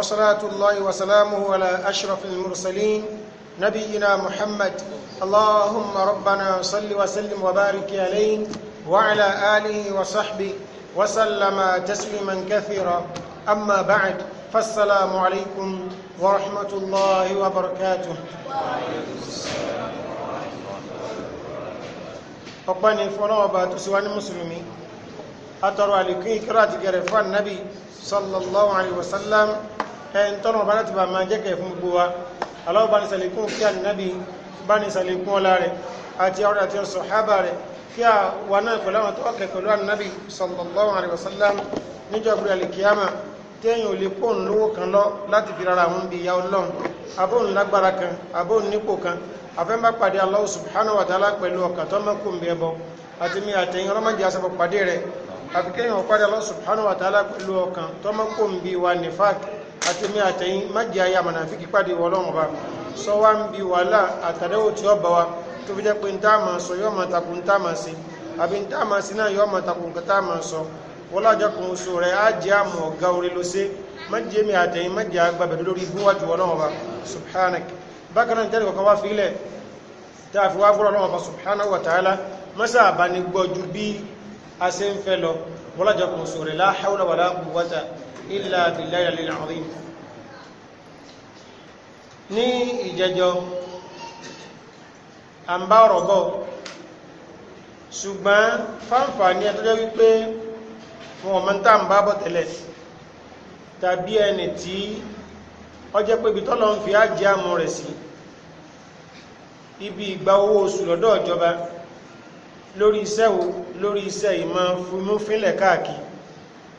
وصلاة الله وسلامه على أشرف المرسلين نبينا محمد اللهم ربنا صل وسلم وبارك عليه وعلى آله وصحبه وسلم تسليما كثيرا أما بعد فالسلام عليكم ورحمة الله وبركاته ọ̀pẹ́ni fọ́lọ́ọ̀bá tó síwá ní mùsùlùmí àtọrọ àlékún ìkírà ti gẹ̀rẹ̀ fún ànábì sallallahu ẹn tọ́nà ọba láti bá máa jẹ́kẹ̀ẹ́ fún gbogbo wa aláwọ̀ bá ní sàlékún kí ànábì bá ní sàlékún ọlá rẹ̀ àti ọ̀rẹ́ àti ọ̀sọ̀ hábà rẹ̀ kí a wà náà pẹ̀lú àwọn tó ọkẹ̀ pẹ̀lú ànábì sallallahu alaihi wasallam níjọ́ ìgbé alìkíyàmà téèyàn ò lè pò ń lówó kan lọ láti fi rárá àwọn ibi ìyá ọlọ́run abó ń lágbára kan abó ń nípò kan àfikẹ́yìn ọ̀pàdé Allah subhanahu wa ta'ala pẹ̀lú ọkà tó ń bí wa nifaq àtẹ̀mí àtẹ̀yìn májì ayé àmànàfíkì pàdé ọlọ́run bá sọ wá ń bi wàhálà àtàdẹ́wò tí ó bá wa tó fi jẹ́ pé ń tá máa sọ yóò máa takùn ń tá máa sí àbí ń tá máa sí náà yóò máa takùn ń tá máa sọ wọ́lájọ́ kan oṣù rẹ̀ á jẹ́ àmọ̀ ọ̀gá orí ló sé májì èmi àtẹ̀yìn májì agbábẹ̀ lórí búwájú ọlọ́run bá bá subhanahu إلا بالليل al-'aliyyil 'azim ní ìjẹjọ́ à ń bá ọ̀rọ̀ bọ̀ ṣùgbọ́n fáǹfà ní ẹtọ́jọ́ wípé wọn ọmọ tá ń bá bọ̀ tẹ́lẹ̀ tàbí ẹni tí ọjẹ́ fi ájẹ́ àmú rẹ̀ sí ibi ìgbà owó oṣù lọ́dọ̀ ìjọba lórí iṣẹ́ wo lórí iṣẹ́ ìmọ̀ fúnmúfínlẹ̀ káàkiri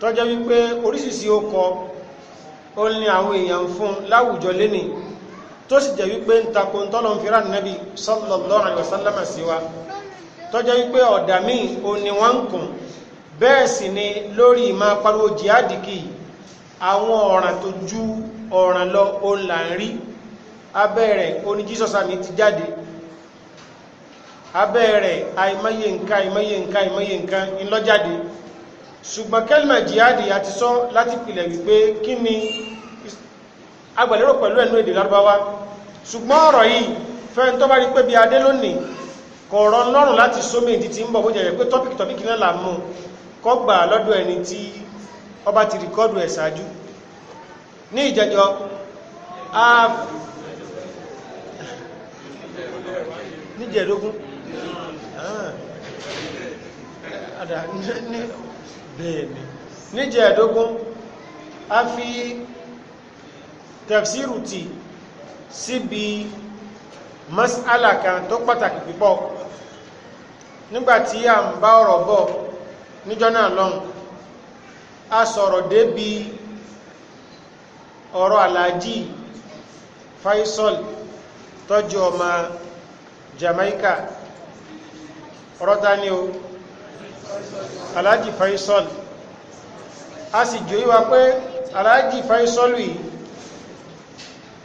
tọ́jẹ́ wípé oríṣiríṣi ọkọ̀ ó ní àwọn èèyàn fún láwùjọ lénìí tó sì jẹ́ wípé ń takò tọ́lọ̀ ń fira nẹ́bí sallallahu alaihi wasallam sí wa tọ́jẹ́ wípé ọ̀dà míì ó ní wọ́n ń kùn bẹ́ẹ̀ sì ni lórí máa pariwo jihadiki àwọn ọ̀ràn tó ju ọ̀ràn lọ ó là ń rí abẹ́rẹ̀ oní Jesus àmì ti jáde abẹ́rẹ̀ àìmọye nǹkan àìmọye nǹkan àìmọye nǹkan ńlọ́jáde ṣùgbọ́n kẹ́lìmà jihadi a ti sọ láti pìlẹ̀ wípé kí ni agbàlérò pẹ̀lú ẹ̀nú èdè lárúbáwá ṣùgbọ́n ọ̀rọ̀ yìí fẹ́n tó bá rí pé bí adé lónìí kò rọ lọ́rùn láti sómi ìdí tí ń bọ̀ bójẹ̀ pé tọ́pìkì tọ́pìkì Ni là mú kọ́ gbà lọ́dọ̀ ẹni bẹ́ẹ̀ni níjẹ̀ ẹ̀dógún a fi si bi síbi mas'ala kan tó pàtàkì pípọ̀ nígbàtí a ń bá ọ̀rọ̀ bọ̀ níjọ́ náà lọ́hùn a sọ̀rọ̀ débi ọ̀rọ̀ aláàjì Faisal tọ́jú ọmọ Jamaica ọ̀rọ̀ ta ni o aláàjì Faisal a sì jò yíwa pé aláàjì Faisal yìí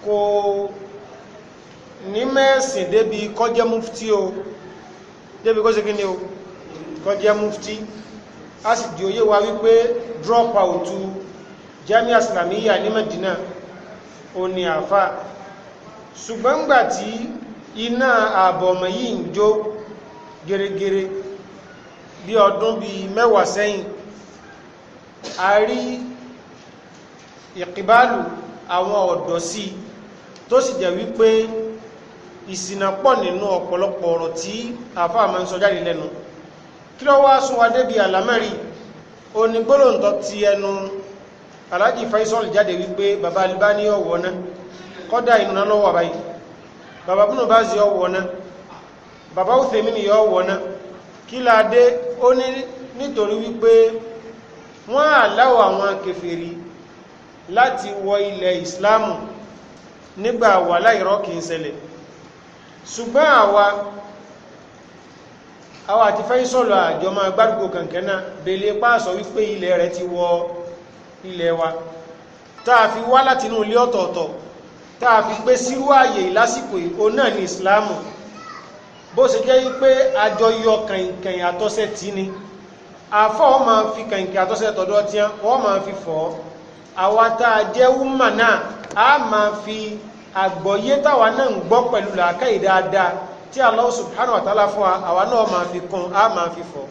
kò ní mẹ́sìn débi kọjẹ́ mufti o débi kó ṣe o kọjẹ́ mufti a sì jò yíwa wípé drop out jami'a islamiyya ní Medina o ni àfá ṣùgbọ́n gbà tí iná ààbọ̀ ọmọ yìí ń jó gẹ́rẹ́gẹ́rẹ́ bí ọdún bí mẹ́wàá sẹ́yìn a rí ìkìbálù àwọn ọ̀dọ́ sí tó sì jẹ́ wípé ìsìnà pọ̀ nínú ọ̀pọ̀lọpọ̀ ọ̀rọ̀ tí àfáà máa ń sọ jáde lẹ́nu kí ló wá sún wa débi àlámẹ́rì onígbólóǹtọ́ ti ẹnu aláàjì Faisal jáde wípé bàbá Albani ọ̀wọ́ náà kọ́dá inú náà lọ́wọ́ báyìí bàbá búnú bá sí ọ̀wọ́ náà bàbá Uthemini ọ̀wọ́ náà kí láadé ó ní nítorí wípé wọ́n àláwọ̀ àwọn kèfèrí láti wọ ilẹ̀ ìsìláàmù nígbà wà láìrọ́ kìí ṣẹlẹ̀ ṣùgbọ́n àwa àwa àti fẹ́ sọ̀lọ̀ àjọ máa gbárùkù kànkẹ́nà belé pàṣọ wípé ilẹ̀ rẹ̀ ti wọ ilẹ̀ wa táà fi wá látinú ilé ọ̀tọ̀ọ̀tọ̀ táà fi gbé sírú lásìkò ìkó náà ní ìsìláàmù bó ṣe jẹ́ pé àjọyọ̀ kàìnkàìn àtọ́sẹ̀ tí ni àfọ́ wọ́n máa fi kàìnkàìn àtọ́sẹ̀ tọ́dọ́ tí wọ́n máa fi fọ́ àwa tá a jẹ́ wúmà náà a máa fi àgbọ̀yé táwa náà ń gbọ́ pẹ̀lú làákàyè dáadáa tí Allah subhanahu wa ta'ala fún wa àwa náà máa fi kún a máa fi fọ́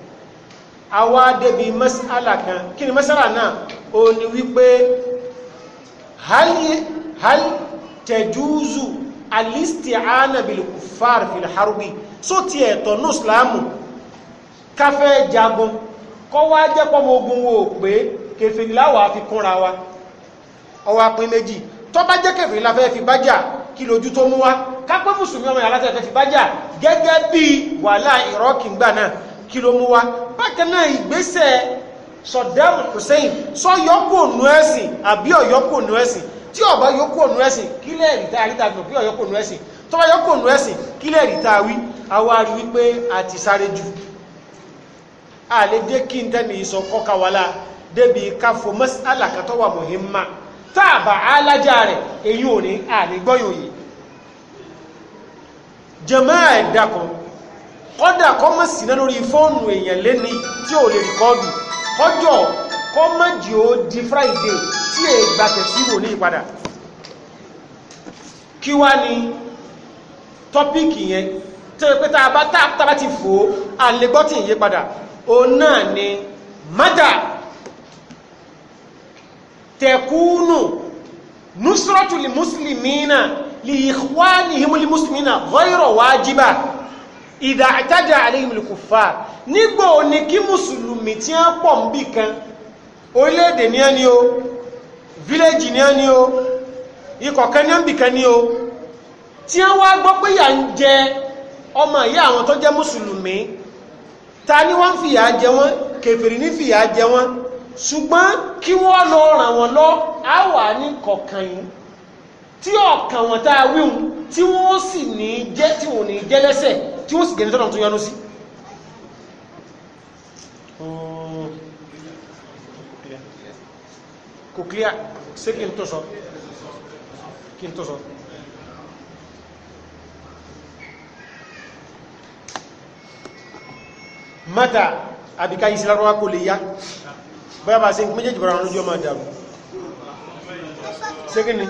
só ti ẹ̀tọ́ ní ìsìláàmù káfẹ́ jagun kọ́ wá jẹ́ pọ́mọ ogun wo pé kèfèrí fi kúnra wa ọwọ́ apin méjì tó bá jẹ́ kèfèrí la fẹ́ fi bájà kí lójú tó mú wa kápẹ́ mùsùlùmí ọmọ yàrá tẹ́fẹ́ fi bájà gẹ́gẹ́ bí wàhálà ìrọ́kì ń gbà náà kí ló mú wa bákan náà ìgbésẹ̀ Saddam Hussein sọ yọkù ònú ẹ̀sìn àbí kílẹ̀ ìta àríta gbọ̀n bí ọ̀yọ́kù ẹ̀sìn tó bá yọ́kùn nù ẹ̀sìn kí lè rí tàà wí awárí wípé àti sáré jù a lè jẹ́ kí n tẹ́ni ìsọ kọ́kawàlá débi káfò mọ́sálàkàtọ́wà mọ̀hímà tààbà alájá rẹ̀ èyí ò ní àrígbọ́yòyè jẹmọ́ ẹ̀dàkọ̀ kọ́dà kọ́ mọ́ sí náà kí wá ni tọ́píìkì yẹn tó yẹ pé tá a bá ti fò ó àlégbọ́tì padà òun náà ni mada tẹkúnù nusratu li muslimina li ikhwanihim li muslimina ghayra wajiba ìdá àtàjà alayhim li kuffar nígbò ní kí mùsùlùmí tí wọ́n pọ̀ ń bì kan orílẹ̀-èdè ní ẹni o fílẹ̀jì ní ẹni o ikọ̀ ní ẹni o tí wọ́n wá gbọ́ pé yà ń jẹ ọmọ ìyá àwọn tó jẹ́ mùsùlùmí ta ni wọ́n ń fìyà jẹ wọ́n kèfèrí ní fìyà jẹ wọ́n ṣùgbọ́n kí wọ́n lọ ràn wọ́n lọ a wà ní kọ̀ọ̀kan yìí tí ọ̀kan wọn tá a wíhun tí wọ́n sì ní jẹ́ tí wọ́n ní jẹ́ lẹ́sẹ̀ tí wọ́n sì gẹ̀ ní tọ́nà tó yọnu sí. kí n tó sọ kí n tó sọ. mata àbíká ìsìlárọ́wá kò lè yá bóyá bá sí méjèèjì bọ̀rọ̀ àwọn olójọ́ máa dàrú síkíní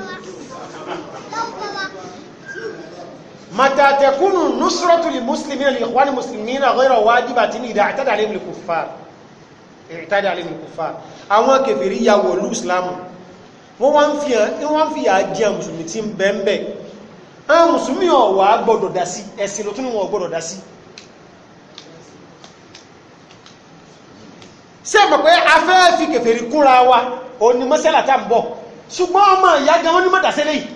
mata tẹkùnù nusratu lil muslimina lil ikhwani muslimina ghayra wajibatin idha i'tada alayhim al kuffar i'tada alayhim al kuffar àwọn kèfèrí tí ń bẹ́ẹ̀ bẹ́ẹ̀ àwọn musulmi ọ̀wà gbọ́dọ̀ ṣé mọ̀ pé a fẹ́ fi kèfèrí kúnra wa òun ni mọ́sálà tá ń bọ̀ ṣùgbọ́n ọmọ ìyá gan wọn ní mọ̀dásẹ́lẹ̀ yìí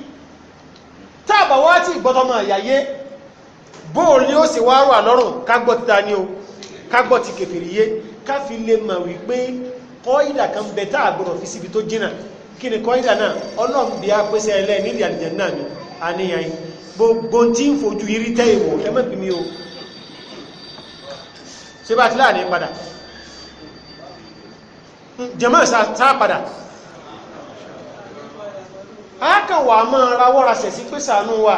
tá a bá wá tí ìgbọ́tọ̀ ọmọ ìyá yé bóòlù ó sì wá wà lọ́rùn kágbọ́ ti ta o kágbọ́ ti kèfèrí yé káfi lè mọ̀ wípé kọ́ìdà kan bẹ tá a gbọ́dọ̀ fi síbi tó jìnnà kí ni kọ́ìdà náà ọlọ́run bí a pèsè ẹlẹ́ nílì àlìjẹ náà ni àníyàn yìí gbogbo tí ń fojú irí tẹ́ ìwò ẹ mọ̀ bí mi o ṣé bá ti láàrin padà jẹmọ́ sáàpadà ákànwà máa rawọ́ra sẹ̀sí pé sàánú wa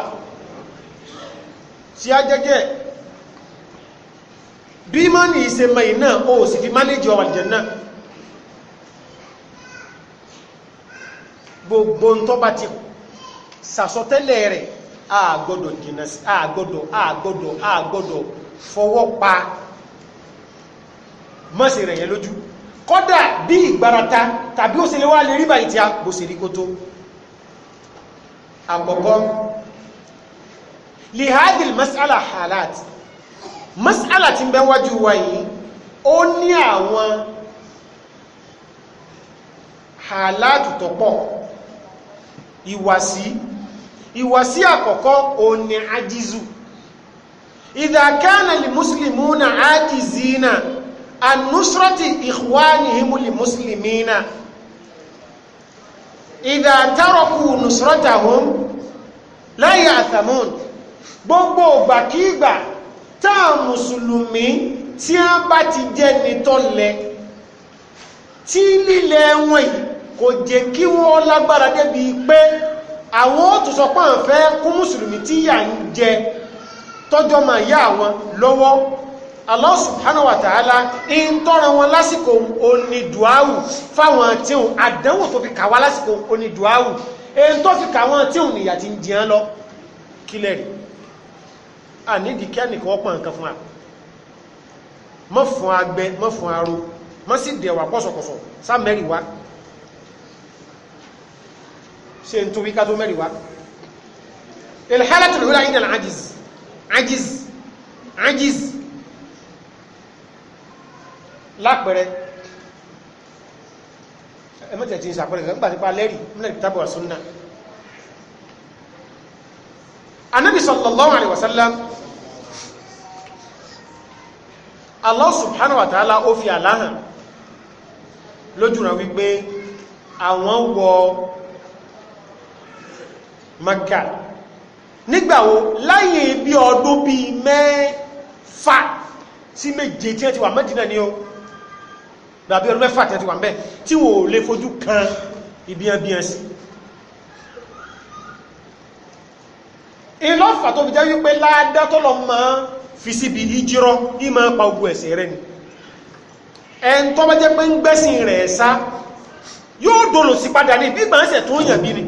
tí a jẹ́jẹ́ bí má ní ìse mẹ́yìn náà o sì fi mánéjì ọwà jẹ náà gbogbo ń tọ́ba ti sàsọtẹ́lẹ̀ rẹ̀ àgbọ́dọ̀ jìnà sí àgbọ́dọ̀ àgbọ́dọ̀ àgbọ́dọ̀ fọwọ́ pa mọ́sí rẹ̀ yẹn lójú kọ́dà bí ìgbàrata tàbí ó sì lè wá lè rí báyìí tí a bó sì rí kó tó àkọ́kọ́ lihadil mas'ala halat mas'ala ti bẹ́ wájú wa yìí ó ní àwọn halat tọ́pọ̀ ìwàsí ìwàsí àkọ́kọ́ òní ajizu idha kana li muslimuna ajizina النصرة إخوانهم المسلمين إذا تركوا نصرتهم لا يأثمون gbogbo ìgbàkígbà táà mùsùlùmí tí a bá ti jẹ́ nítọ́lẹ̀ tí lílẹ̀ wọn yìí kò jẹ́ kí wọ́n lágbára débi pé àwọn òtù sọ pé à ń fẹ́ kú mùsùlùmí tí yà ń jẹ tọ́jọ́ máa yá àwọn lọ́wọ́ Allah subhanahu wa ta'ala in tọ́ran wọn lásìkò onídùáwù fáwọn tí òun àdánwò tó fi kàwá lásìkò onídùáwù èyí tó fi kàwọn tí òun nìyà ti ń jẹun lọ kílẹ̀ rí a nídi kí ẹnìkan ọpọ̀ nǹkan fún wa mọ́ fún agbẹ mọ́ fún aró mọ́ sí dẹ̀wà pọ̀sọ̀kọ̀sọ̀ sá mẹ́rin ajiz ajiz lápẹẹrẹ ẹmọ́tẹ̀ tí ń sàpẹẹrẹ kan gbà nípa lẹ́rì mílẹ̀ tàbí wàsúnnà anábì sallallahu alaihi wasallam Allah subhanahu wa ta'ala ó fi àláhàn lójúra wípé àwọn wọ Makkah nígbàwo láyé bí ọdún bí mẹ́fà sí méje tí wọ́n ti wà Mẹ́dínà ni o dàbí ọdún mẹ́fà tẹ́tí wà mẹ́ tí wò lè fojú kan ìbíyanbíyan sí ìlọ́fà tó fi jẹ́ wípé ládá tó lọ mọ́ fi síbi ìjírọ́ ìmọ̀ pa ogun ẹ̀sìn rẹ̀ ni ẹn tó bá jẹ́ pé ń gbẹ́sìn rẹ̀ sá yóò dòrò sí padà ní bí gbàǹsẹ̀ tó yàn bí ni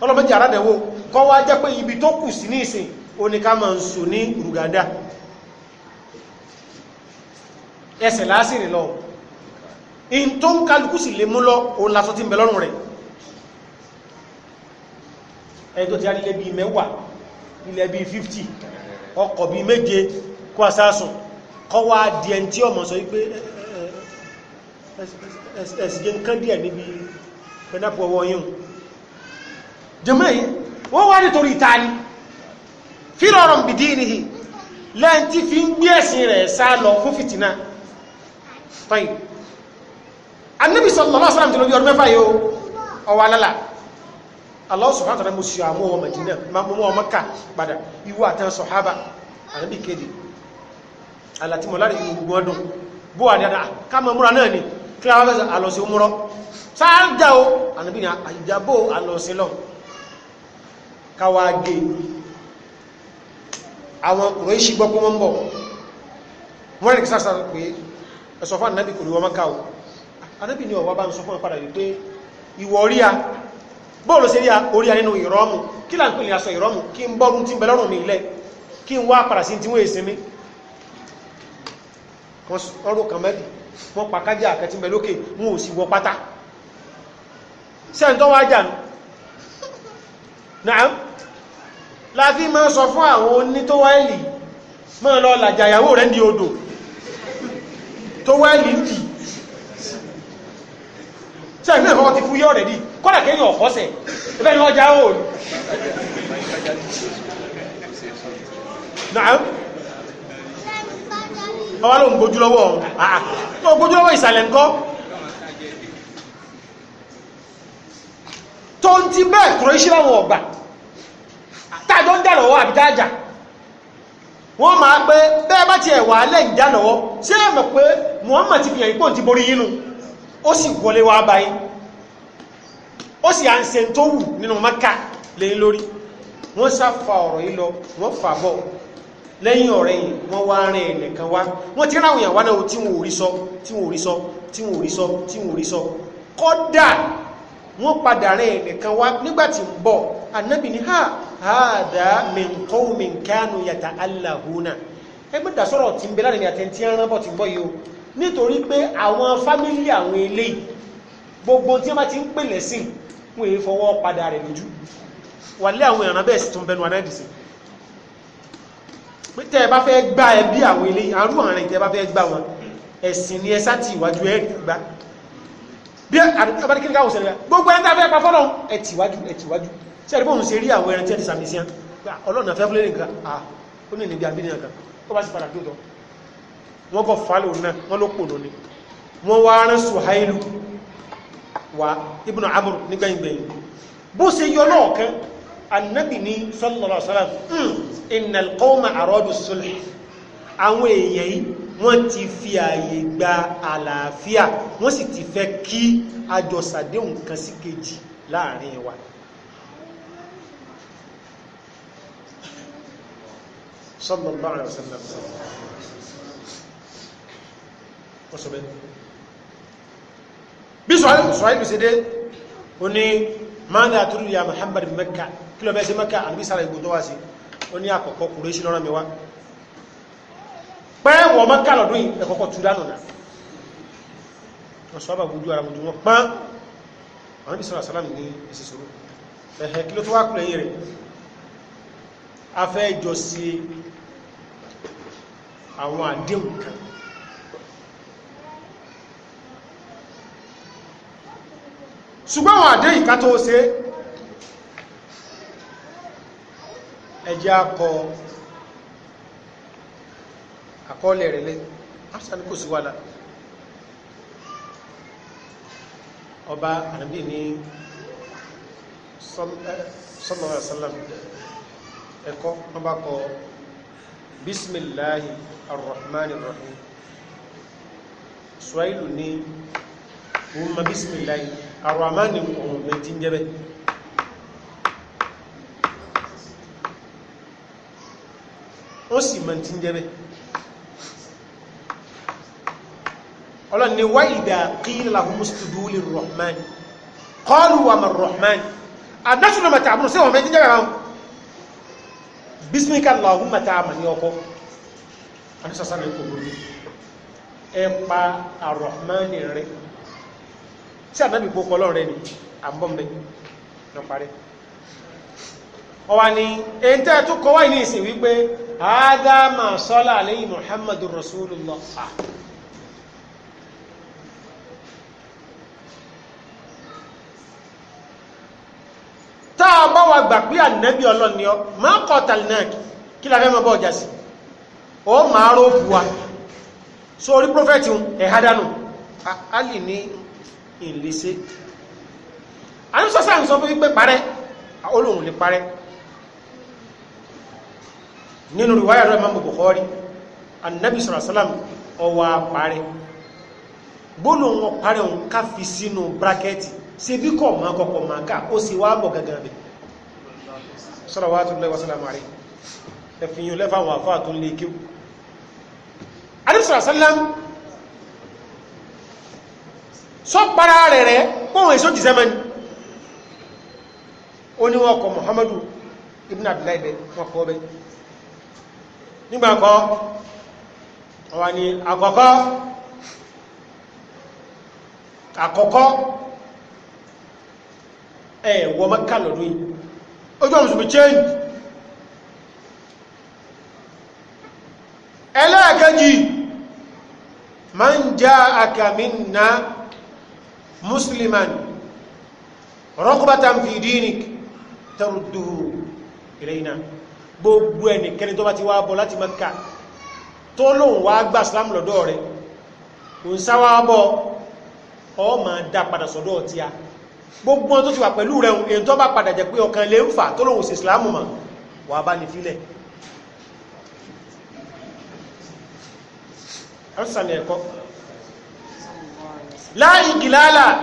ọlọ́mọdé àrádẹ̀wò kọ́ wá jẹ́ pé ibi tó kù sí ní ìsìn oníká máa ń sùn ní rùgádà ẹsẹ̀ lásìrì lọ in tó ń kálukú sì lè mú lọ òun lásọ tí ń bẹ lọ́rùn rẹ̀ ẹni tó ti á nílẹ̀ bíi mẹ́wàá nílẹ̀ bíi 50 ọkọ̀ bíi méje kó asásùn kọ́ wá di ẹni tí ọmọ sọ wípé ẹ̀sìgé nǹkan díẹ̀ níbi pẹ̀lápọ̀ ọwọ́ yín jẹ́mọ́ yìí wọ́n wá nítorí ìta ni bìdí nìyí lẹ́yìn tí fi ń gbé ẹ̀sìn rẹ̀ sá lọ fún fìtínà fine anabi sallallahu alaihi wasallam ti lójú ọdún mẹ́fà yìí ó ọwọ́ alálà Allah subhanahu wa ta'ala mo ṣe àwọn ọmọ Madina mo mọ ọmọ ká padà ìwọ àtàn sọ̀hábà anabi kéde alatimọ̀láre gbogbo ọdún bó wà dáadáa ká mọ múra náà ni kí a fẹ́ àlọ́sí múrọ́ sáájá o anabi ni àjábò àlọ́sí lọ káwàá gé àwọn ọ̀rọ̀ ìṣìgbọ́kún wọn bọ̀ wọ́n rìn sáàsà pé ẹ̀sọ̀fà nàbì kò rí wọn mọ́ká o anábì ni ọ̀wá bá ń sọ fún ọ̀padà wípé ìwọ̀ ríà bóòlù sí ríà oríà nínú ìrọ́mù kí là ń pè ní aṣọ ìrọ́mù kí n bọ́rún tí ń bẹ lọ́rùn mi ilẹ̀ kí n wá padà sí tí wọ́n èsì mi ọrùn kan mẹ́bì wọ́n pa kájá àkẹ́tí mẹ́ lókè wọn ò sì wọ pátá sẹ́ńtọ́ wájà náà láti máa sọ fún àwọn onítọ́wáìlì máa lọ làjà ìyàwó rẹ̀ ń di ṣe ìmú ìfọwọ́ ti fún yọ́ rẹ̀ dì kọ́dà kéyìn ọ̀fọ́sẹ̀ ẹbẹ́ ni wọ́n já ó ní. ọwọ́ ló ń gbójú lọ́wọ́ ọ̀hún gbójú lọ́wọ́ ìsàlẹ̀ ńkọ́ tó ń ti bẹ́ẹ̀ kúrò iṣẹ́ láwọn ọ̀gbà tájọ́ ń dà lọ́wọ́ àbí tájà wọ́n máa pé bẹ́ẹ̀ bá ti ẹ̀wà alẹ́ ń dà lọ́wọ́ sí ẹ̀mọ̀ pé Muhammad ti fi hàn ipò ti borí yínú ó sì wọlé wá báyìí ó sì à ń se tó wù nínú maka lẹ́yìn lórí wọ́n sáfà ọ̀rọ̀ yìí lọ wọ́n fà bọ̀ lẹ́yìn ọ̀rẹ́ yìí wọ́n wá rìn ẹ̀nìkan wá wọ́n ti ráwọn èèyàn wá náà tí wọ́n orí sọ tí wọ́n orí sọ tí wọ́n orí sọ tí ń bọ̀ anábì ha hàdá mẹ́ǹkọ́ mẹ́ǹkánu yàtà aláhùnà ẹgbẹ́ dà sọ́rọ̀ tí ń bẹ láàrin àtẹ̀ntì ẹran bọ̀ ti ń bọ̀ yìí nítorí pé àwọn fámílì àwọn eléyìí gbogbo tí wọ́n ti ń pè lẹ́sìn wọ́n èé fọwọ́ padà rẹ̀ lójú wà lé àwọn ìrànà bẹ́ẹ̀ sì tún bẹnu anáìdìsí pé tẹ́ ẹ bá fẹ́ gbá ẹbí àwọn eléyìí àrú àárín tẹ́ ẹ bá fẹ́ gbá wọn ẹ̀sìn ni ẹ sáti ìwájú ẹ̀ gbá bí abadikiri káwọn sẹlẹ̀ gbogbo ẹni tá a fẹ́ pa fọ́lọ́ ẹ tìwájú ẹ tìwájú sí ẹ̀rí bóun ṣe rí àwọn ẹran tí ẹ ti sàmì sí ọlọ́run àfẹ́ fúlẹ̀ nìkan ah ó ní ìnìbí àbí nìkan ó bá sì padà tó tọ́ wọ́n kọ̀ fàálò náà wọ́n ló pò lónìí wọ́n wá rán Suhailu wa ibùnà amúrù nígbẹ̀yìngbẹ̀yìn bó ṣe yọ lọ́ọ̀kan annabi ní sallallahu alaihi wasallam hmm, innal qawma aradu sulh àwọn èèyàn yìí wọ́n ti fi ààyè gba àlàáfíà wọ́n sì ti fẹ́ kí láàrin wa sallallahu alaihi wasallam wọ́n sọ bẹ́ẹ̀ bí sọ̀rọ̀ ṣe dé o ní mọ́ndà àtúrù ya Muhammad mẹ́ka kí lọ bẹ́ẹ̀ sí mẹ́ka àbí sára ìgbò wá sí o ní àkọ́kọ́ kùrẹ́ṣì lọ́rọ̀ mi wá pẹ́ wọ mẹ́ka lọ́dún yìí ẹ̀kọ́kọ́ tú dánù náà wọ́n sọ́ọ́bà gbójú ara mojú wọn pán àwọn ibi sọ́rọ̀ sálàmì ní èsì sọ́rọ̀ ẹ̀hẹ̀ kí ló tó wá kùlẹ̀ yìí àwọn àdéhùn kan ṣùgbọ́n àwọn àdé ìká tó ṣe ẹjẹ́ akọ àkọọ́lẹ̀ rẹ̀ lẹ́ afisani kò sí wàhálà ọba ànábì ní sallallahu alaihi wasallam ẹ̀kọ́ wọ́n bá kọ bismillahi arrahmani arrahim suwailu ní wọ́n ma bismillahi àrọ̀mánì ọ̀hún mẹ́tí jẹ́bẹ̀ ó sì mẹ́tí jẹ́bẹ̀ ọlọ́ni wá ìdá kílá mùsùlùmí lè rọ̀mán kọlu wà mọ̀ rọ̀mán àdásùnà mẹ́ta àbúrò sí ọ̀hún mẹ́tí jẹ́bẹ̀ báwọn bísmíkà lọ́hún mẹ́ta àmà ní ọkọ́ àdúsásánà ìkòkòrò ẹ pa àrọ̀mán rẹ̀ sí ànábì pọ̀pọ̀ lọ́rẹ̀ ni àbọ̀m̀bẹ̀ lọ parí ọwà ni èyí tẹ́ tó kọwàá ní ìsìn wípé adama sọ́lá aléyìn muhammadu rasulullah táà bá wà gbà pé ànábì ọlọ́ni ọ máa kọtàlì náà kí la fẹ́ mọ́ bọ́ ọjà sí máa rò fún sórí prọfẹ́tì ẹ̀hádánù alì ní ìlẹ́sẹ̀ àníṣọ́sà ń sọ fún wípé parẹ́ olóhùn lè parẹ́ nínú riwaya rẹ̀ Imam Bukhari annabi sallallahu alaihi wasallam ọwà parẹ́ gbólóhùn ọparẹ́ òun ká fi sínú brákẹ́tì sí bí kọ̀ máa kọ̀kọ̀ máa ká ó sì wá bọ̀ gangan bẹ̀ salawatullahi wa salamu alayhi ẹ̀fìyàn lẹ́fà àwọn àfáà tó lè kíw àníṣọ́sà sallam sọ́pàá rẹ̀ rẹ̀ pọ̀wọ̀n èso jìsẹ́ mẹ́ni ó ní Muhammadu ibn Abdullahi bẹ wọ́n kọ́ bẹ nígbàkọ́ wà ní àkọ́kọ́ àkọ́kọ́ ẹ̀ wọ́n mẹ́kà lọ́dún yìí ojú ọmọ sùgbì change ẹlẹ́ẹ̀kẹ́jì man ja'aka minna مسلما رغبة في دينك ترده إلينا gbogbo ẹnikẹni tó bá ti wá bọ̀ láti Mẹ́kà tó lóun wá gbà Islam lọ́dọ̀ rẹ̀ kò ń sáwá bọ́ ọ ma dá padà sọ́dọ̀ tí a gbogbo wọn tó ti wà pẹ̀lú rẹ̀ èyí tó bá padà jẹ́ pé ọkàn lè ń fà tó lóun sí Islam mọ̀ wà bá ní fílẹ̀ ẹ̀rọ̀sàn ẹ̀kọ́ láìgìlálà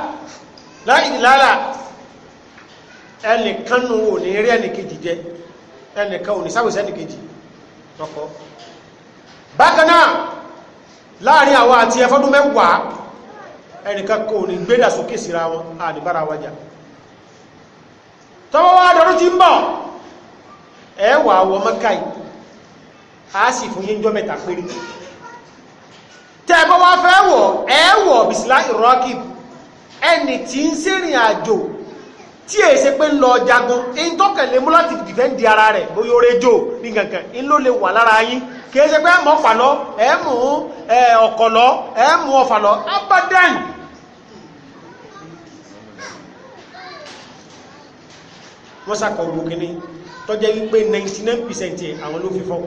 láìgìlálà ẹnìkan nù ò ní rí ẹnìkejì jẹ ẹnìkan ò ní sáwẹ̀sẹ̀ ẹnìkejì ọkọ̀ bákanáà láàrin àwọn àti ẹfọ́dún mẹ́wàá ẹnìkan kò ní gbédà sókè síra wọn àdìbára wájà tọ́wọ́ wá dọ̀rọ̀ ti ń bọ̀ ẹ̀wà àwọn mọ́kàí a sì fún yíjọ́ mẹ́ta péré tẹ́ẹ̀bọ́ wá fẹ́ wọ̀ ẹ̀ẹ́wọ̀ bìsìlá ìrọ́kì ẹni tí ń sẹ́rìn àjò tí è ṣe pé ń lọ jagun in tọ́kẹ̀lé mú láti dìfẹ́ǹdì ara rẹ̀ bóyá ó rẹjò ní kankan in ló lè wà lára yín kì í ṣe pé ẹ̀mọ́ pàlọ́ ẹ̀mú ọ̀kọ̀lọ́ ẹ̀mú ọ̀fàlọ́ abadan wọ́n kìíní tọ́jẹ́ wípé 99% àwọn ló fi fọ́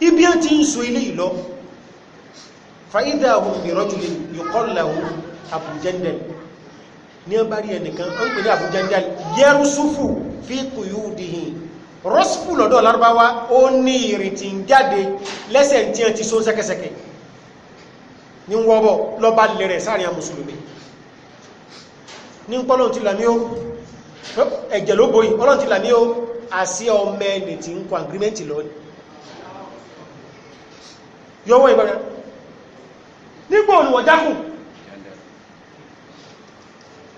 ibi a ti ń so ilé ìlọ fàídà ohun ìrọ́jùlé yíkọ́láwó àbújẹ́ndẹ̀ ní a bá rí ẹnìkan ń pè ní àbújẹ́ndẹ̀ yẹrùsúfù fi kùyú dìhìn rọ́sùfù lọ́dọ̀ lárúbáwá ó ní ìrìntì ń jáde lẹ́sẹ̀ tí a ti so sẹ́kẹsẹkẹ ní wọ́bọ̀ lọ́bá lẹ́rẹ̀ sáàrin mùsùlùmí ní pọ́lọ̀n ti làmí ó ẹ̀jẹ̀ yọwọ́ ìgbẹ̀rẹ̀ nígbò olùwọ̀jákùn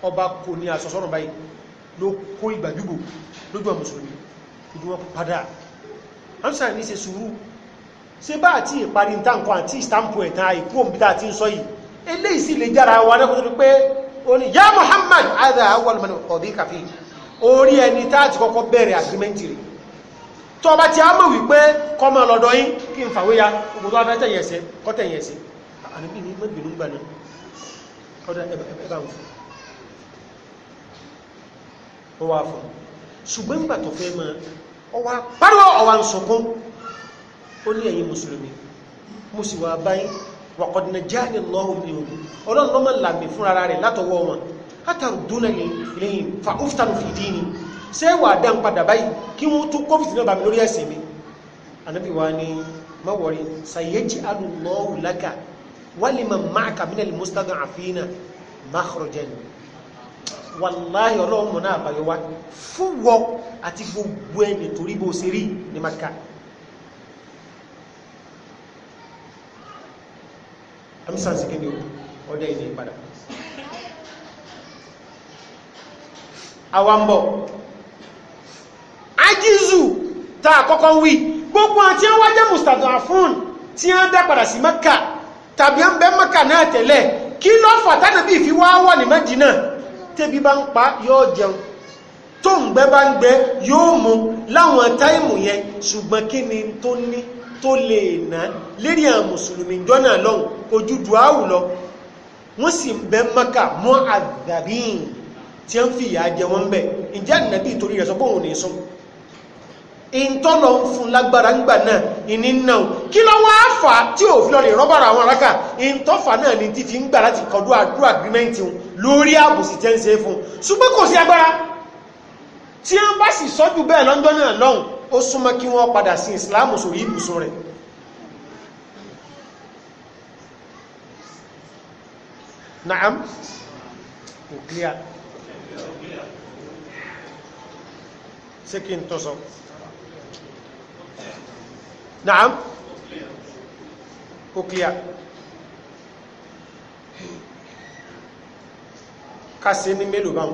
ọba kò ní àsọ̀sọ́rọ̀ báyìí ló kó ìgbàjúgbò lójú ọmọ mùsùlùmí ojú wọn padà amsa ní ṣe sùúrù ṣe bá àti ìparí ntánkọ àti ìstampo ẹ̀tàn àìkú òmìnira àti ń sọ yìí eléyìí sì lè jára wa lẹ́kọ̀ọ́ pé ó ní yá Muhammad adha awwal man ọ̀dí kàfí orí ẹni tá àti kọ́kọ́ bẹ̀rẹ̀ agreement rẹ̀ tó bá ti á mọ̀ wípé kọmọ lọ́dọ̀ yín kí n fàwé ya ogun tó wá fẹ́ tẹ̀yìn ẹ̀sẹ̀ kọ́ tẹ̀yìn ẹ̀sẹ̀ àníbí ní mẹ́bìnú gbà ní ọdún ẹgbà wò fún ó wá fún ṣùgbọ́n nígbà tó fẹ́ mọ́ ọ wá pariwo ọ̀wà ń sọkún ó ní ẹ̀yin mùsùlùmí mo sì wá báyìí wàkọ̀dínà jáde lọ́hùn ní ogun ọlọ́run lọ́mọ làmì fúnra rẹ̀ látọwọ́ wọn látàrú dúnà ilé yìí fa ófìtànù fìdí ni ṣé wàá dá ń padà báyìí kí wọ́n tún kófìtì náà bá mi lórí ẹ̀sìn mi ànábì wa ni mọ́wọ́rí sàyẹ́jì alùlọ́wù lákà wálé mọ̀ máa kàmínà lè mustapha àfihàn makhrajan wàláhì ọlọ́run mọ̀ náà àbáyọ wá fún wọ àti gbogbo ẹni torí bó ṣe rí ní maka amísàn ajizu tá a kọ́kọ́ wí gbogbo àti àwọn wájẹ́ mustadafun tí wọ́n dá padà sí mẹ́kà tàbí ń bẹ mẹ́kà náà tẹ́lẹ̀ kí ló fà tánàbí fi wá wọ̀ ní mẹ́dínà tẹ́bí bá ń pa yóò jẹun tó ń gbẹ́ bá ń gbẹ́ yóò mú láwọn táìmù yẹn ṣùgbọ́n kí ni tó ní tó lè ná lérí àwọn mùsùlùmí jọ́nà lọ́hùn ojú duáwù lọ wọ́n sì ń bẹ mẹ́kà mọ́ àdàbíìn tí wọ́n fi ìyà jẹ wọ́n bẹ̀ ǹjẹ́ ànàbí ìtorí rẹ̀ sọ òun ní sùn ìntọ́lọ̀ ń fún lágbára ńgbà náà ìní náà kí lọ wọ́n á fà tí ò fi lọ́lẹ̀ rọ́bàrà àwọn aráka ìntọ́fà náà ni ti fi ń gbà láti kọdú àdúrà agreementi wọn lórí àbòsí tẹ́ ń ṣe fún ṣùgbọ́n kò sí agbára tí wọ́n bá sì sọ́jú bẹ́ẹ̀ lọ́jọ́ náà lọ́hùn ó súnmọ́ kí wọ́n padà sí ìsìláàmù sórí ibùsùn rẹ̀ kí n Naam kò clear kasi ni mélòó bá ń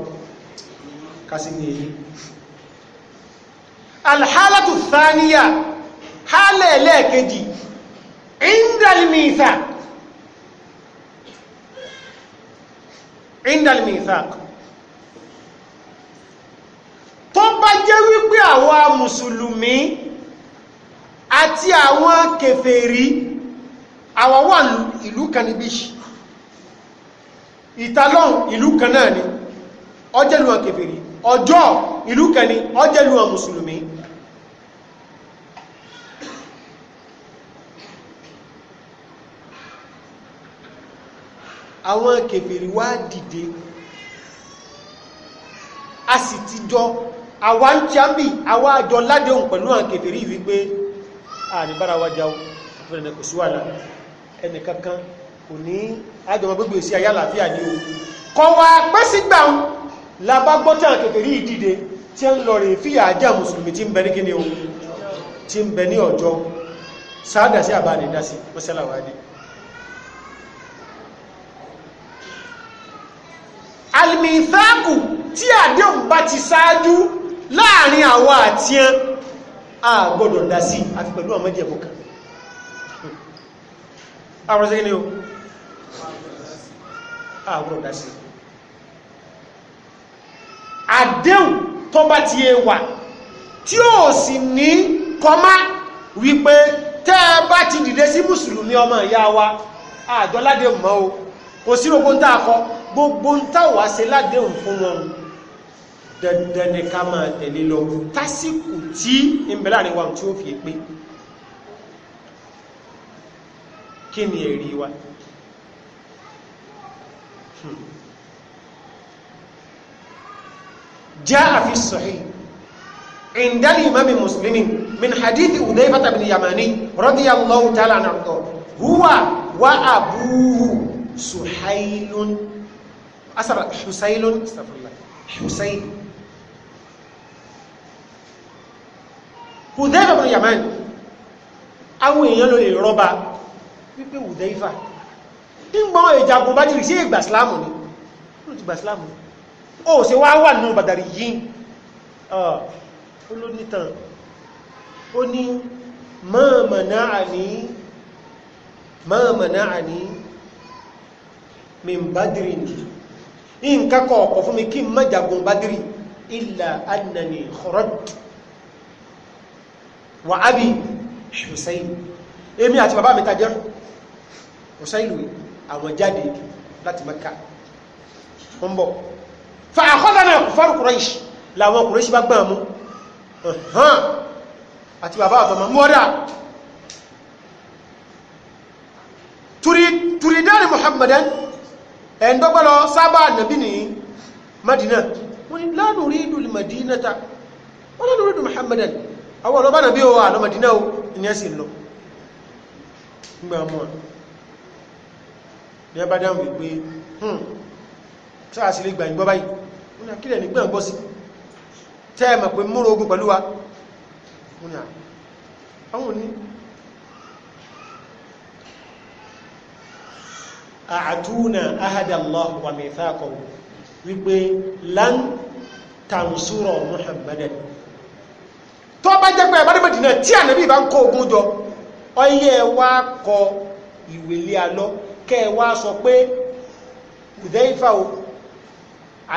kasi ni èyí alhálàtù thaniya hálẹ̀ ẹlẹ́ẹ̀kejì indalmithaq indalmithaq tó bá jẹ́ wípé àwa mùsùlùmí àti àwọn kèfèrí àwọn wà ìlú kan níbi ìtàlọ́n ìlú kan náà ni ọjẹ́lú àwọn kèfèrí ọjọ́ ìlú kan ni ọjẹ́lú àwọn mùsùlùmí àwọn kèfèrí wá dìde a sì ti jọ àwọn chambi àwọn àjọ ládéhùn pẹ̀lú àwọn kèfèrí wípé àníbárawájá fẹ́rẹ̀nà kò síwàlá ẹnìkankan kò ní àjọmọ̀ gbogbo sí ayá làfíà ní o kọ wá pẹ́ sí gbà ń labá gbọ́tàn kèkèrí ìdíde tí ń lọ rẹ̀ fíyà ajá mùsùlùmí tí ń bẹ ní kíní o tí ń bẹ ní ọjọ́ sáádà sí àbá ní dásí mọ́sálàwádé alìmìthákù tí àdéhùn bá ti ṣáájú láàrin àwọn àti ẹn a gbọ́dọ̀ dá sí àfi pẹ̀lú àwọn mẹ́jẹ̀ mọ́kàn àwọn ṣe kí ni o a gbọ́dọ̀ dá sí àdéhùn tó bá ti yé wà tí ó sì ní kọmá wípé tẹ́ bá ti dìde sí mùsùlùmí ọmọ ìyá wa àjọ ládéhùn mọ́ o kò sí gbogbo ń tàkọ gbogbo ń ládéhùn fún wọn dandan ni ká máa tẹ̀lé lọ tásìkò tí ìbẹ̀lá ni wa tí ó fi pé kí ni ẹ̀rí wa جاء في الصحيح عند الإمام مسلم من حديث حذيفة بن يماني رضي الله تعالى عنه هو وأبوه سحيل أسر حسيل استغفر الله حسين Hudhaifa bin Yaman àwọn èèyàn ló lè rọ́bà wípé Hudhaifa ìgbọ́n ìjagun bá jìrì sí ìgbà sílámù ni ó ti gbà sílámù ó sì wá wà nínú bàdàrí yìí ó ló nítàn ó ní mọ́ọ̀mọ̀ná àní mọ́ọ̀mọ̀ná àní min badiri nǹkan kọ̀ọ̀kọ̀ fún mi kí n má illa annani kharajtu wà ábí Hussein èmi àti bàbá mi ta jẹ́ Hussein àwọn jáde láti Mẹ́kà ń bọ̀ fa àkọ́lọ́nà kùfàrù Quraish làwọn Quraish bá gbọ́n mú hàn àti bàbá àtọmọ mọ́dá tùrìdáni Muhammadan ẹ̀ndọ́gbọ́lọ sábà nàbí ní Madina wọ́n ni lánàrí ìlú Madinata wọ́n lánàrí ìlú Muhammadan àwọn ọ̀nà bánà bí o àlọ́mọdínà o ní ẹ̀sìn lọ gbà mọ́ ní ẹbá dáhùn wípé hùn sáà sí lè gbà ìgbọ́ báyìí àtúnà ahadallah wa mithaqahu wípé lan tansura muhammadan tó bá jẹ́ pé ẹ̀bádé mẹ́dínà tí ànábì bá ń kó ogun jọ ọyẹ́ ẹ wá kọ ìwélé alọ́ kẹ́ wá sọ pé Hudhaifa o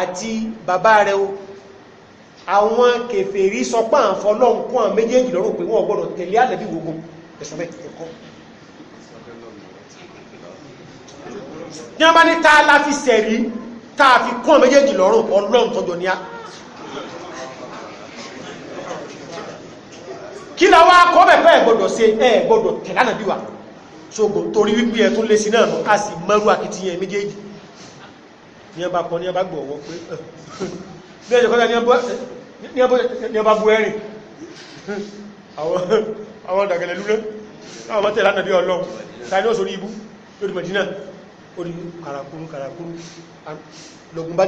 àti bàbá rẹ o àwọn kèfèrí sọ pé àǹfọ́ lọ́n àwọn méjèèjì lọ́rùn pé wọ́n gbọ́dọ̀ tẹ̀lé ànábì gbogbo ẹ̀sùn bẹ́ẹ̀ ẹ̀kọ́ ní a bá ní tá a láfi sẹ̀rí tá a fi kún àwọn méjèèjì lọ́rùn ọlọ́run tọ́jọ ní a kí la wá kọ́ bẹ̀ pẹ́ gbọ́dọ̀ ṣe ẹ gbọ́dọ̀ tẹ̀lánà bí wa ṣogbò torí wípé ẹ tó lé sí náà nù a sì mọ́rú akitiyan méjèèjì ní ọba kan ní ọba gbọ̀wọ́ pé ní ẹjọ́ kọ́ta ní ọba bu ẹ̀rìn àwọn ọ̀dàgẹ̀lẹ̀ lúlẹ́ àwọn mọ́tẹ̀ lánàá bí ọlọ́run karakuru karakuru lọ́gùn bá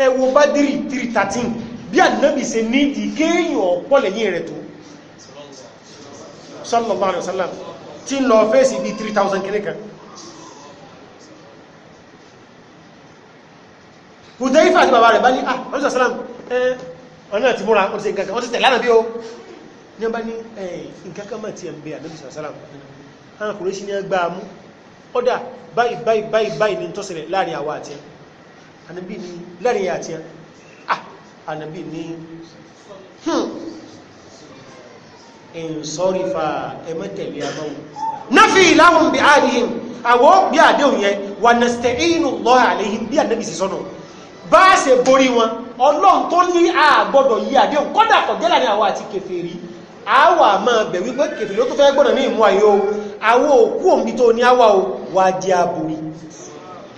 ẹ wo Bádírì 313 bí ànábì ṣe ní ìkéyàn ọ̀pọ̀ lẹ́yìn rẹ̀ tó sallallahu alaihi wasallam tí ń lọ fèsì bí 3000 kìnnìkan Hudayfa àti bàbá rẹ̀ bá ní ah ọjọ́ sálàm ẹ́ ọ̀nà ti múra ọdún sí nǹkan kan wọ́n ti tẹ̀lá náà bí ó ní ọba eh, ní nǹkan kan máa ti ẹ̀ ń bẹ ànábì sàlám àwọn kòrèṣì ní agbáàmú ọ̀dà báyìí báyìí báyìí báyìí ní tọ́sẹ̀lẹ̀ láàrin àwa àti ẹ̀ ànábì ní lẹ́rìn àti ah, ànábì ní ìsọ́rífà hmm, ẹmẹ́tẹ̀lẹ̀ àmọ́wò náfi ìlàhùn bí àdìhìn àwọ́ bí àdéhùn yẹn wà nẹ̀stẹ̀ inú lọ àléhìn bí ànábì sí sọ́nà bá ṣe borí wọn ọlọ́run tó ní àgbọ́dọ̀ yí àdéhùn kọ́dà kọ̀gẹ́là ní àwọn àti kèfèrí àwà máa bẹ̀ wípé kèfèrí ló tó fẹ́ gbọ́dọ̀ ní ìmú ayé o àwọn òkú òmìtó ní àwà wà jẹ́ àbúrí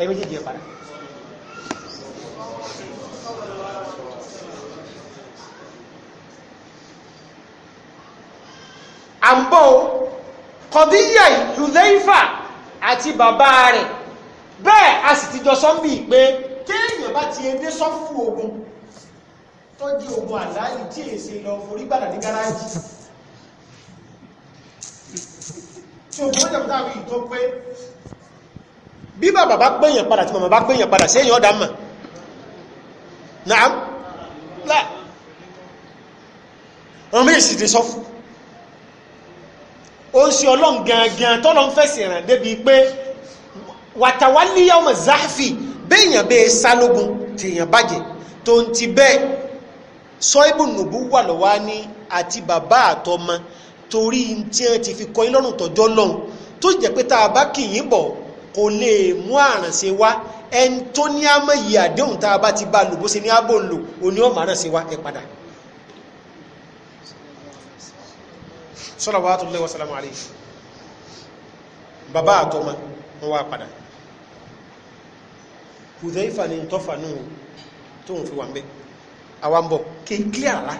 ẹ̀mẹ́jì jẹ́ padà àmbọ̀ kọ̀díyà Hudhaifa àti bàbá rẹ̀ bẹ́ẹ̀ a sì ti jọ sọ́mbì pé kéèyàn bá ti ẹdẹ sọ́fù ogun tó di ogun àláyé tí èsè lọ forí gbàdà ní gáràjì tí ogun ọjà bùtà rí tó pé bí bàbá bá gbẹ̀yàn padà tí màmá bá gbẹ̀yàn padà sí èyàn ọ̀dà mà náà ọmọ èsì ti ó ń ṣe ọlọ́run gangan tọ́lọ́ ń fẹ̀sìn ràn débi pé wàtàwálíyá ọmọ záfì béèyàn bẹ́ẹ̀ sálógun tèèyàn bàjẹ́ tó ń ti bẹ́ẹ̀ sọ ibù nùbú wà lọ́wọ́ ní àti bàbá àtọmọ torí tí wọ́n ti fi kọ́ ilọ́run tọ́jọ́ lọ́hùn tó jẹ́ pé tá a bá kì bọ̀ kò lè mú àrànṣe wá ẹni tó ní àmọ́ yìí àdéhùn tá a bá ti bá lò bó ṣe ní àbò ń lò òní ọ̀mọ̀ àrànṣe wá ẹ̀ padà. salawatullahi wa salamu alayhi bàbá àtọ́mọ wọn wá padà Hudhaifa ni tọ́fà nù tó ń fi wà ń bẹ́ àwọn àbọ̀ kéèkì àrá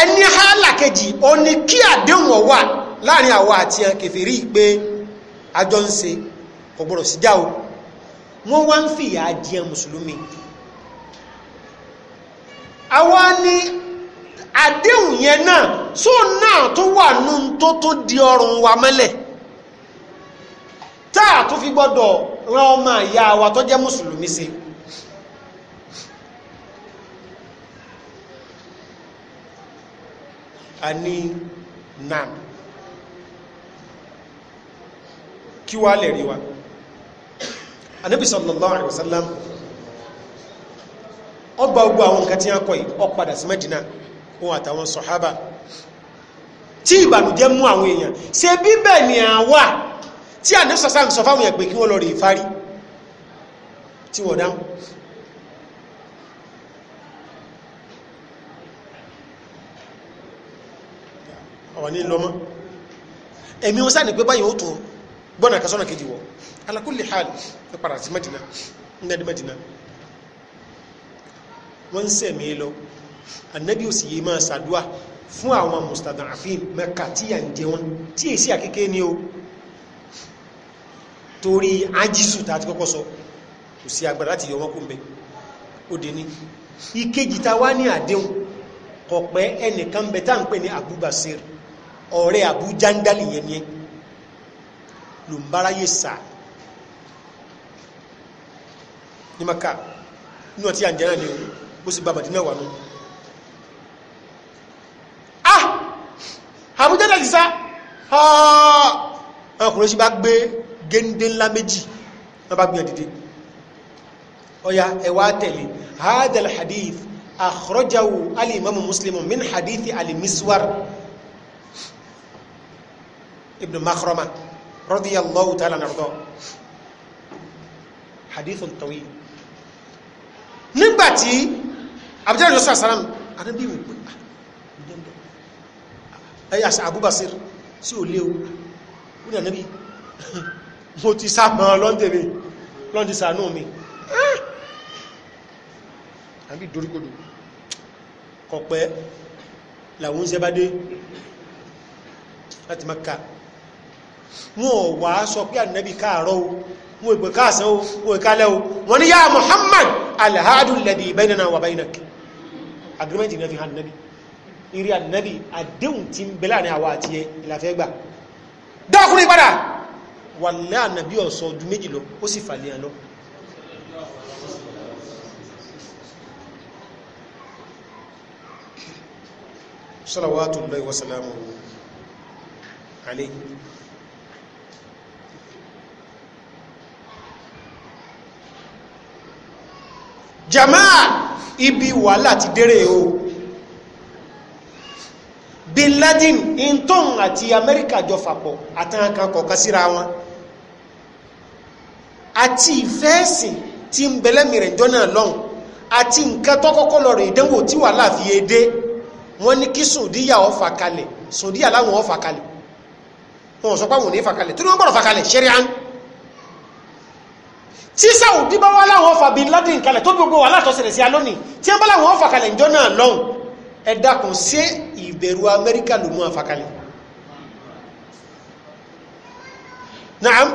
ẹni hálà kejì ó ní kí àdéhùn ọ̀wà láàrin àwa àti kèfèrí pé àjọ ń ṣe kò sí já o wọ́n wá ń fìyà jẹ mùsùlùmí àwa ni àdéhùn yẹn náà tó náà tó wà nù tó tó di ọrùn wa mọ́lẹ̀ táà tó fi gbọ́dọ̀ ran ọmọ ìyá wa tó jẹ́ mùsùlùmí sí a náà kí wàá lè rí wa anabi sallallahu alaihi wasallam ọba gbogbo àwọn nǹkan tí wọ́n kọ́ yìí ó padà sí Mẹ́dínà òun àtàwọn sọ̀hábà tí ìbànújẹ́ mú àwọn èèyàn ṣe bíbẹ̀ ni àwa tí àdẹ́sọ̀sá ń sọ fáwọn èèyàn pé kí wọ́n lọ rí ìfárí tí wọ́n dáhùn ọ̀wà ní lọ́mọ́ ẹ̀mí wọn sáà ní pé báyìí ó tó gbọ́nà kásọ́nà kejì wọ ala hal ẹ padà sí Mẹ́dínà ń gẹ́dí Mẹ́dínà wọ́n ń sẹ̀mí lọ ànábì òsì yìí máa ṣàdúà fún àwọn mustada'afin mẹ́ka tí à ń jẹ wọn tí èsì àkékè ni o torí ajísù tá a ti kọ́kọ́ sọ kò sí agbára láti yọ wọn kó bẹ ó dé ní ìkejì ta wá ní àdéhùn ọ̀pẹ́ ẹnìkan bẹ tá ń pè ní abubasir ọ̀rẹ́ abujandali yẹn ni ló ń báráyé sáà ní maka ní ọtí àjẹ́ náà ni o bó sì bàbàdì náà wà ní ah àbújá náà ti sá ah! ọkùnrin sí bá gbé géńdé ńlá méjì wọ́n bá gbìyàn dìde ọya ẹwà tẹ̀lé hadal hadith akhrajahu alimamu muslimu min hadithi alimiswar ibn makhrama radiyallahu ta'ala nardo hadithun tawil nígbàtí abdul yusuf asalam anabi wò pé ah, ah, ẹ yà abubasir sí ò léwu ó ní anabi mo ti sá mọ́ lọ́ntẹ̀mí lọ́ntẹ̀ sànú mi ah! àbí doríkodò kọ̀pẹ́ làwọn oúnjẹ bá dé láti maka wọn ò wá sọ pé ànábì káàárọ̀ o wọn ò káàsán o wọn ò o wọn ni yá Muhammad alhadu alladhi baynana wa baynak kìí agreement ní fi nabi nẹ́bí ìrí ànẹ́bí àdéhùn tí ń bẹ láàrin àwa àti ẹ ìlàfẹ́ gbà dákùnrin padà wà o ànẹ́bí ọ̀sọ̀ ọdún méjì lọ ó sì fà lẹ́yìn salawatu salawatullahi wa salamu alayhi jama'a ibi wàhálà ti dérè o bin laden inton àti amẹ́ríkà jọ fàpọ̀ àtàwọn kan kọ̀ọ̀kan síra wọn àti ìfẹ́ẹ̀sì tí ń bẹ̀lẹ́mì rẹ̀ jọ náà lọ́hùn àti nǹkan tó kọ́kọ́ lọ rẹ̀ ìdánwò tí wàhálà fi dé wọ́n ní kí sòdíyà ó fà sòdíyà láwọn ó fà kalẹ̀ wọn ní fà kalẹ̀ wọ́n gbọ́dọ̀ fà kalẹ̀ ṣẹ́ríà tí Saudi bá wá láwọn ọfà Bin Laden kalẹ̀ tó gbogbo wà látọ̀sẹ̀lẹ̀ sí alónìí tí wọ́n bá láwọn ọfà kalẹ̀ ìjọ náà lọ́hùn ẹ dákun sí ìbẹ̀rù Amẹ́ríkà ló mú àfà kalẹ̀ naam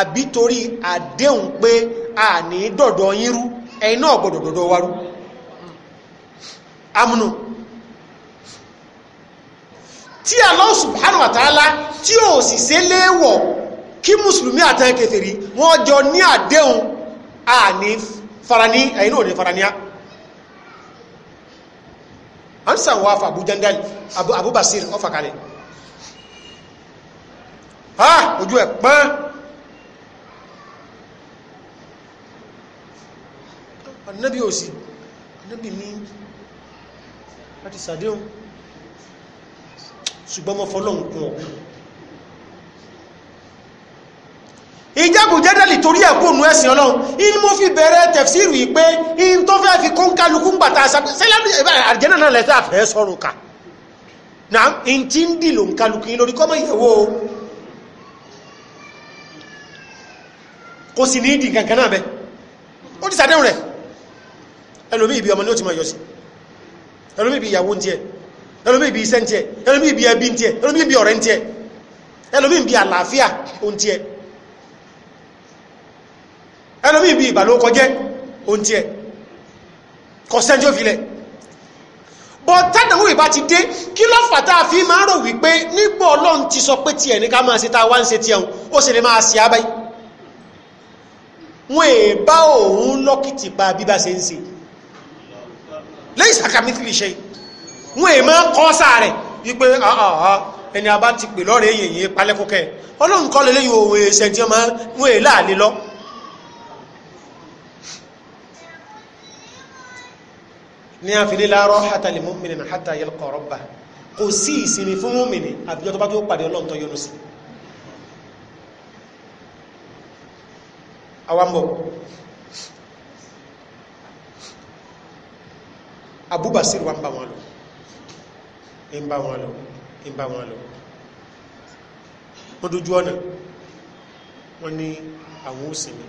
àbí torí àdéhùn pé a ní dọ̀dọ̀ yín rú náà gbọ́dọ̀ dọ̀dọ̀ wa amúnú tí Allah subhanahu wa ta'ala tí ò sì ṣe léèwọ̀ kí mùsùlùmí àtẹ́ kèfèrí wọ́n jọ ní àdéhùn àní farani ẹ̀yìn náà ní faraniá ansa wa fa abu jandal abu abu basir ọfà kalẹ̀ ha ojú ẹ̀ pọ́n anabi òsì anabi ní láti sàdéhùn ṣùgbọ́n mọ́ fọlọ́nkún ọ̀kùn ìjágun jẹ́dẹ̀lì torí ẹ̀kọ́ ònú ẹ̀sìn ọlọ́run in mo fi bẹ̀rẹ̀ tẹ̀fsíìrù yìí pé in tó fẹ́ fi kún kálukú gbàtà àjẹ́nà náà lẹ́tà fẹ́ sọ̀rọ̀ kà na in ti ń dìlò kálukú yìí lórí kọ́mọ ìyẹ̀wò kò sì ní ìdì kankan náà bẹ́ ọmọ ni ó ti máa yọ sí ẹlòmí ibi ìyàwó ń tiẹ̀ ẹlòmí ibi iṣẹ́ ń tiẹ̀ ẹlòmí ibi ẹbí ń tiẹ̀ ẹlòmí ibi ọ̀rẹ́ ń tiẹ̀ ẹlòmí ibi àlàáfíà ó ń tiẹ̀ ẹlòmí bí ìbà ló kọjẹ́ ohun tí ẹ kọsẹ́ntí ó filẹ̀ bọ́ tẹ́dàwó ìbá ti dé kí ló fàtà fi máa rò wípé nígbà ọlọ́run ti sọ pé tiẹ̀ ní ká máa ṣe ta wá ń ṣe tiẹ̀ ó sì lè máa ṣe abáyé wọn è bá òun lọ́kìtì pa bíbá ṣe ń ṣe lẹ́yìn sàkàmì fi ṣe wọn è máa kọ́ sáà rẹ̀ wípé ah, ah, ah, ẹni abá ti pè lọ́rẹ̀ẹ́ yẹ̀yẹ́ palẹ́kọ́kẹ́ ọlọ́run kọ́ lélẹ́yìn òwe ṣẹ̀ntì ọmọ wọn è láàlè lọ́ọ́ ní àfilé láàárọ̀ hátàlì múmìnì nà hátà yalqa rabbah kò sí ìsinmi fún múmìnì àbíjọ́ tó bá tó pàdé ọlọ́run tó yọ́nú sí awambo abubasir wa ń bá wọn lò ń bá wọn lò ń bá wọn lò wọ́n dojú ọ̀nà wọ́n ní àwọn òsìnmi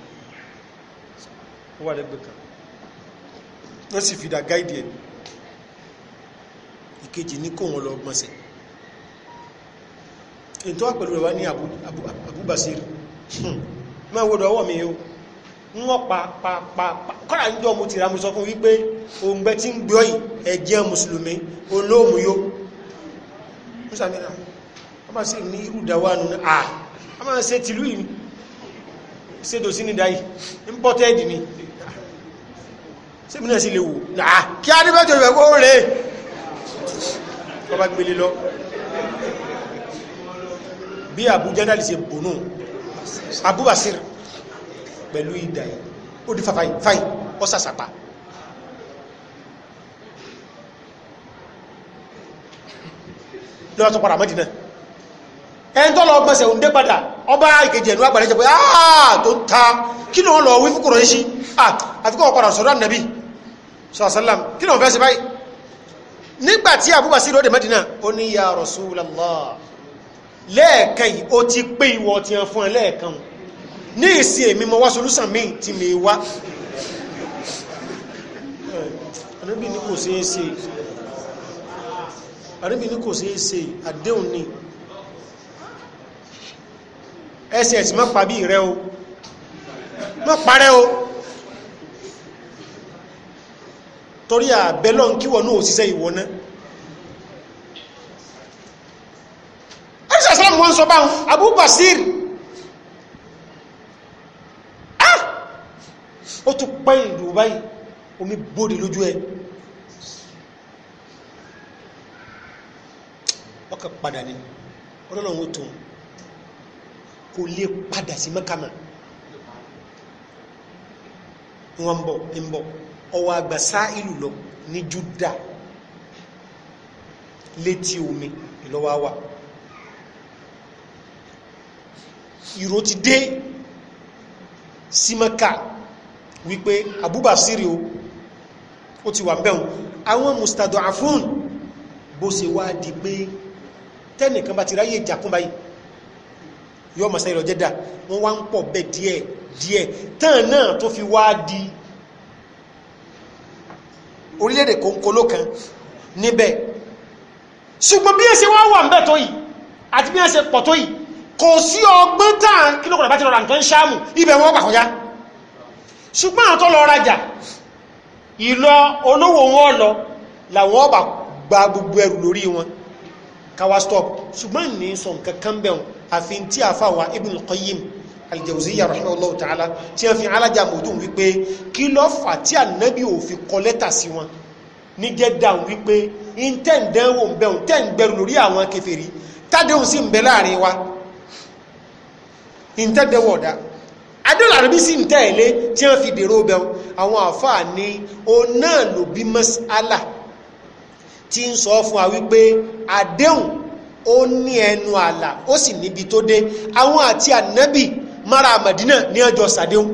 wọ́n wà lẹ́gbẹ̀ẹ́ kan wọ́n sì fi dà gáìdì ẹ̀ ìkejì ní kò wọ́n lọ gbọ́nsẹ̀ ètò àpẹẹlú rẹ̀ wá ní àbúbàṣírí hmm. máa wọ́dọ̀ ọwọ́ mi o ń wọ́n pa pa pa pa kọ́ra ń jọ mo ti ra mo sọ fún wípé òǹgbẹ tí ń gbé ọ̀yìn ẹ̀jẹ̀ mùsùlùmí olóòmù yó mùsàmìnà wọ́n máa ṣe ní irú ìdáwánu náà a máa ṣe tìlú yìí ṣèdòsí ní dáyìí ń pọ́tẹ́ẹ̀dì ni sí mínà sí lè wù náà kí a ní mẹ́tò ìfẹ́ kó rẹ̀ ọba gbélé lọ bí àbújá náà lè ṣe bònú abúbàṣír pẹ̀lú ìdà yìí ó di fàfàì ọ́sàsàpá lọ́wọ́ tó padà mọ́dínà ẹni tó lọ gbọ́sẹ̀ òun dé padà ọba ìkejì ẹ̀nu agbàlẹ́jẹ̀ pé àà tó ta kí ni wọ́n lọ wí fúkúrọ̀ yìí sí àfikún ọ̀padà sọ̀rọ̀ ànàbí sọ̀sọ́lám kí ni wọ́n fẹ́ sí báyìí nígbà tí Abu Basir lóde Mẹ́dínà ó ní ya Rasulullah lẹ́ẹ̀kan yìí ó ti pé ìwọ ti hàn fún ẹ lẹ́ẹ̀kan ní ìsìn èmi mo wá solúsàn mi ti mi wá àníbi ní kò ṣeé ṣe àníbi ẹsẹ̀ ẹ̀sìn má pa rẹ o má parẹ́ o. torí àbẹ́lọ́ kí wọ́n náà òṣìṣẹ́ ìwọ̀n náà ẹ̀sàsàrán wọ́n sọ báhùn Abu Basir ah ó tún pẹ́ ìlú báyìí omi bóde lójú ẹ ọkà padà ní ọlọ́run ó tó kò lè padà sí mẹ́kàmà wọ́n ń bọ̀ ń bọ̀ ọwọ́ àgbà sáìlù lọ ní Júdà létí omi ìlọ́wà wà ìró ti dé sí Mẹ́kà wípé abúbàṣírí o ó ti wà bẹ́hùn àwọn mustadọ̀ àfún bó ṣe wá di pé tẹ́nìkan bá ti ráyè ìjàkún báyìí yọ́ mọ̀sá ìrọ̀jẹ́dà wọ́n wá ń pọ̀ bẹ́ díẹ̀ díẹ̀ tán náà tó fi wá di orílẹ̀-èdè kòńkòló kan níbẹ̀ ṣùgbọ́n bí ẹ̀ṣẹ̀ wá wà ń bẹ̀ tó yìí àti bí ẹ̀ṣẹ̀ pọ̀ tó yìí kò sí ọgbọ́n tàn kí ló kọ̀dà bá ti lọ ra nǹkan ṣáàmù ibẹ̀ wọ́n gbà kọjá ṣùgbọ́n àwọn tó lọ rajà ìlọ olówó wọn lọ làwọn ọba gba gbogbo ẹrù lórí wọn káwa stop ṣùgbọ́n ní sọ nǹkan kan bẹ̀ wọn àfi tí àfa wa Ibn Qayyim aljawziya rahimahullahu ta'ala tí wọ́n fi alájà mọ̀tún wípé kí ló fà tí ànábì ò fi kọ lẹ́tà sí wọn ní jẹ́dà wípé in tẹ́ǹdẹ́wò ń bẹ̀rù tẹ́ǹgbẹ̀rù lórí àwọn kèfèrí tádéhùn sí ń bẹ láàrin wa in tẹ́ǹdẹ́wò ọ̀dá adúláàrẹ́bí sí ń tẹ̀lé tí wọ́n fi dèrò bẹ̀rù àwọn àfáà ní o náà ló bí mas'ala tí ń sọ fún wa wípé àdéhùn ó ní ẹnu àlà ó sì níbi tó dé àwọn àti ànábì mara àmàdínà ní ọjọ́ sàdéhùn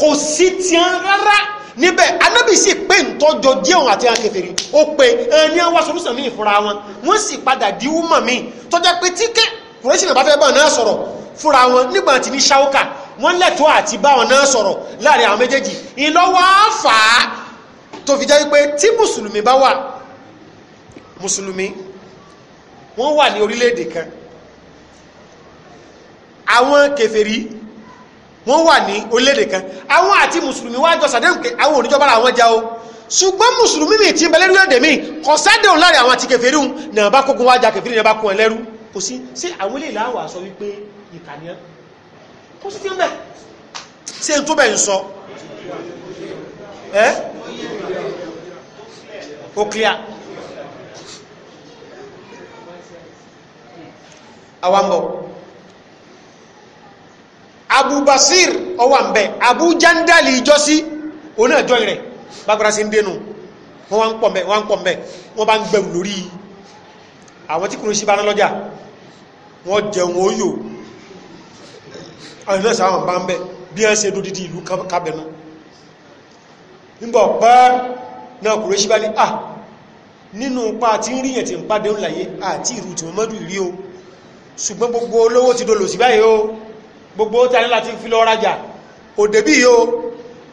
kò sí tiẹ̀ rárá níbẹ̀ anábì sì pé ntọ́jọ jẹun àti akẹfẹ̀rí ó pe ẹni wá solúsàn míì fúnra wọn wọ́n sì padà di wúmọ̀ míì tọ́jà pé tíkẹ́ kùrẹ́sì náà bá fẹ́ bá wọn náà sọ̀rọ̀ fúnra wọn nígbà tí ní ṣáúkà wọ́n lẹ́tọ́ àti bá wọn náà sọ̀rọ̀ láàrin àwọn méjèèjì ìlọ́wọ́ fà á tó fi jẹ́ pé tí mùsùlùmí bá wà mùsùlùmí wọ́n wà ní orílẹ̀-èdè kan àwọn kèfèrí wọ́n wà ní orílẹ̀-èdè kan àwọn àti mùsùlùmí wájọ sàdéhùn pé àwọn oníjọba ara wọn já o ṣùgbọ́n mùsùlùmí mi ti ń bẹ lórílẹ̀-èdè mi kò sádéhùn láàrin àwọn àti kèfèrí hùn náà bá kógun wájà kèfèrí náà bá kún ẹ lẹ́rú kò sí sí àwọn ilé ìlàwọ̀ àṣọ wípé ìkànnìyàn kò sí ti ń bẹ̀ ṣé n tó bẹ̀ ń sọ ẹ́ ó clear àwọn bọ̀ abubasir ọwà ń abujandali ìjọsí òun náà jọyìn rẹ̀ bágbára sí ń dénú wọ́n wá ń pọ̀ mẹ́ wọ́n wá ń pọ̀ mẹ́ wọ́n bá ń gbẹ̀rù lórí àwọn tí kùnú sí báná lọ́jà wọ́n jẹun oyò ọ̀yìn náà sáwọn bá ń bẹ bí wọ́n ṣe dódídì ìlú kábẹ̀nú nígbà ọ̀pá náà kùnú sí bá ní à ah, nínú pa tí ń ríyàn ti ń pàdé ńláyé àti ìrù tí wọ́n mọ́dù ìrí o ṣùgbọ́n gbogbo olówó ti dolò sí o gbogbo tí a ní láti fi lọ rajà òde yóò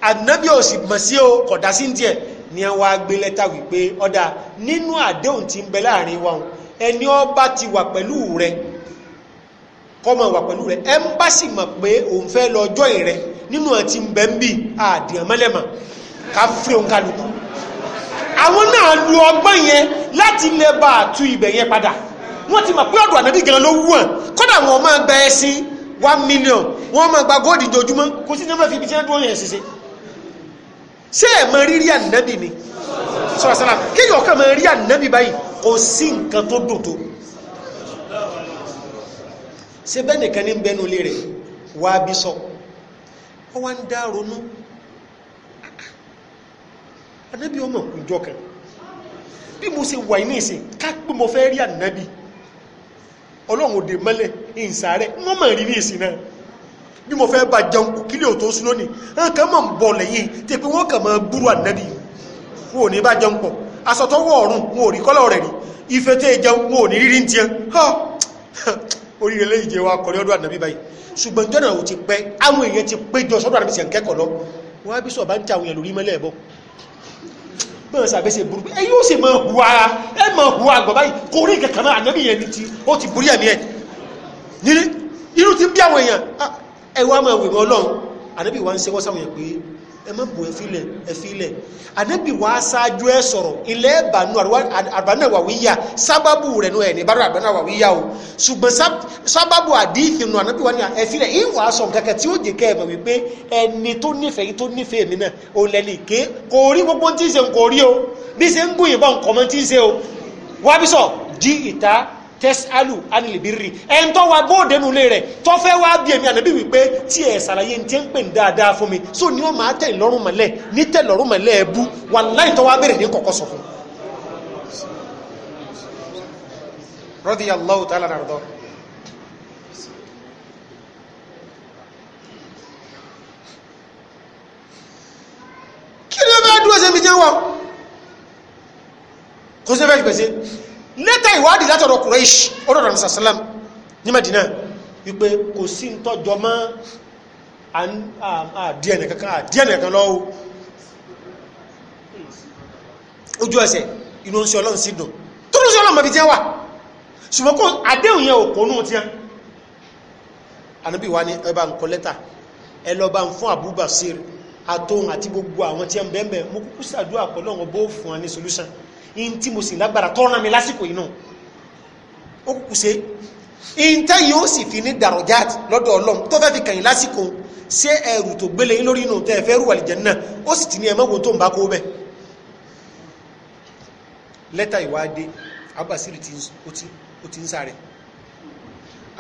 ànábì ò sì mọ̀ o kọ̀dá sí tiẹ̀ ni a wá gbé lẹ́tà wípé ọ̀dà nínú àdéhùn tí ń bẹ láàrin wa ẹni ọba ti wà pẹ̀lú rẹ kọ́mọ̀ wà pẹ̀lú rẹ ẹ ń bá sì mọ̀ pé òun fẹ́ lọ ọjọ́ ìrẹ nínú àti ń bẹ́ ń bì àdìyàn mọ́lẹ́mọ̀ ká fi òun kálukú àwọn náà lu ọgbọ́n yẹn láti lè bá ibẹ̀ yẹn padà wọ́n ti mọ̀ pé ọ̀dọ̀ ànábì gan ló wù wọ́n kọ́dà wọn máa bẹ ẹ sí i one million wọ́n máa gba góòdì jojúmọ́ kò sí náà fi ibi tí wọ́n dúró yẹn ṣiṣẹ́ ṣé ẹ̀ mọ rírí ànábì ni sọ̀rọ̀sọ̀rọ̀ kéèyàn ọ̀kan mọ rí ànábì báyìí kò sí nǹkan tó dùn tó ṣe bẹ́ẹ̀ nìkan ní bẹ́nu lé rẹ̀ wá bí sọ ọ wá ń dá ronú ànábì ọmọ ìjọ kan bí mo ṣe wà ní ìsìn ká pé mo fẹ́ rí ànábì ọlọ́run òde mọ́lẹ̀ ìsàárẹ̀ wọ́n mọ̀ rí ní ìsìn náà bí mo fẹ́ bá jẹun kù kílẹ̀ ò tó sún lónìí nǹkan mọ̀ ń bọ̀ lẹ́yìn tí pé wọ́n kàn máa gbúrú ànábì wọn ò ní bá jẹun pọ̀ aṣọ tó wọ̀ ọ̀run wọn ò rí kọ́lọ̀ rẹ̀ rí ife tó jẹun wọn ò ní rírí ń tiẹ̀ oríire lẹ́yìn jẹ́ wa kọ̀rí ọdún ànábì báyìí ṣùgbọ́n jọ́nà ò ti pẹ́ àwọn èèyàn ti péjọ sọ́dọ̀ ànábì sì ń kẹ́kọ̀ọ́ lọ wọn á bí sọ̀ bá ń ta àwọn èèyàn lórí mẹ́lẹ̀ ẹ̀bọ bọ́n sàbẹ́ ṣe burúkú ẹ yóò sì máa hu ara ẹ máa hu àgbà báyìí kò nílé irú ti bí àwọn èèyàn ah, ẹwà máa wèmọ́ ọlọ́run ànábì wa ń sẹ́wọ́ sáwọn èèyàn pé ẹ má bù ẹfílẹ̀ ẹfílẹ̀ ànábì wa ṣáájú ẹ sọ̀rọ̀ ilẹ̀ ẹ̀bànú àbánà wà wíyà sábàbù rẹ̀ nù ẹ̀ ní bára àbánà wà wíyà o ṣùgbọ́n sábàbù àdìsí nù ànábì wa ní ẹfílẹ̀ yìí wàá sọ kẹ̀kẹ́ tí ó jẹ kẹ́ ẹ̀ mọ̀ wípé ẹni tó nífẹ̀ẹ́ yìí tó nífẹ̀ẹ́ mi náà òun lẹ́ni ké kò rí gbogbo tí ń ṣe kò rí o bí ṣe ń gún ìbọn tí ń ṣe o wábísọ̀ jí ìta tẹ́sálù anilibiri ẹn tó wa bóòdé nulẹ̀ rẹ̀ tó fẹ́ wá bí èmi ànábì wípé tí ẹ̀ ń pè ní dáadáa fún mi so ni ó máa tẹ̀ lọ́rùn mọ́lẹ̀ ní tẹ̀ lọ́rùn mọ́lẹ̀ ẹ̀bú wàláhì tó wá bẹ̀rẹ̀ ní kọ̀kọ́ sọ fún. radiyallahu ta'ala nàrọ̀dọ́. kí ló bá dúró sẹ́mi jẹ́ wọ́n kó sẹ́fẹ́ gbèsè lẹ́tà ìwádìí látọ̀dọ̀ Quraish ọ̀rọ̀dọ̀ nàṣàṣàlám ní Madina wípé kò sí ń tọ́jọ mọ́ àdíẹ̀nì kankan àdíẹ̀nì kankan lọ́wọ́ ojú ẹsẹ̀ inú ń ọlọ́run sí dùn tó ń ṣe ọlọ́run mọ̀bí tí wà ṣùgbọ́n àdéhùn yẹn òkò nù tí wọ́n ànábì wa ni ẹ bá ń kọ lẹ́tà ẹ lọ bá ń fún Abubakar àtòhun àti gbogbo àwọn tí wọ́n bẹ́ẹ̀ mú kúkú solution in tí mo sì lágbára tọ́rọ mi lásìkò inú ó kù ṣe in tẹ́ yóò sì fi ní dàrọ̀já lọ́dọ̀ ọlọ́run tó fẹ́ fi kàn yín lásìkò ṣé ẹrù tó gbélé yín lórí inú tẹ́ fẹ́ rú àlìjẹ́ náà ó sì ti ní ẹmọ́gun e tó ń bá kó bẹ́ẹ̀ lẹ́tà ìwádé abasiri ó ti ń sáré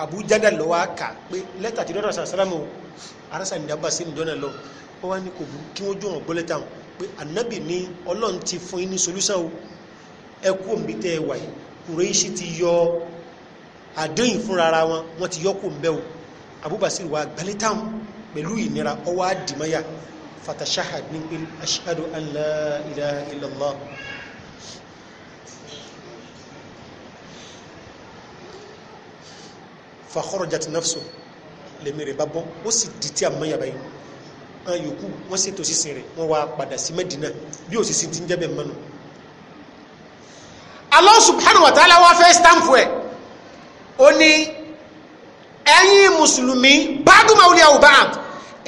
àbújádà lọ́wọ́ kà pé lẹ́tà ti dọ́nà sàlámù arásà ní abasiri dọ́nà lọ ó wá ní kò burú kí wọ́n jọ wọn gbọ́ lẹ́tà wọn pé ànábì ní ọlọ́run ti fún yín ní solúsàn o ẹkú òǹbí tẹ́ ẹ wà yìí kùrẹ́ṣì ti yọ àdéhìn fúnra ara wọn wọ́n ti yọ kó ń bẹ́ o abubasir wa gbalẹ̀ táwọn pẹ̀lú ìnira ọwọ́ àdìmọ́yà fatashahad ní pé ashhadu an la ilaha illallah fakharajat nafsu lèmèrè bá bọ́ ó sì di tí a mọ́ yàbá yìí wọn yòókù wọ́n ṣètò sísìn rẹ̀ wọ́n wá padà sí Mẹ́dínà bí òṣìṣẹ́ ti ń jẹ́ mọ́nu Allah subhanahu wa ta'ala wá fẹ́ stamp ẹ̀ ó ní ẹ̀yin mùsùlùmí bádùn máa wọlé àwọn bá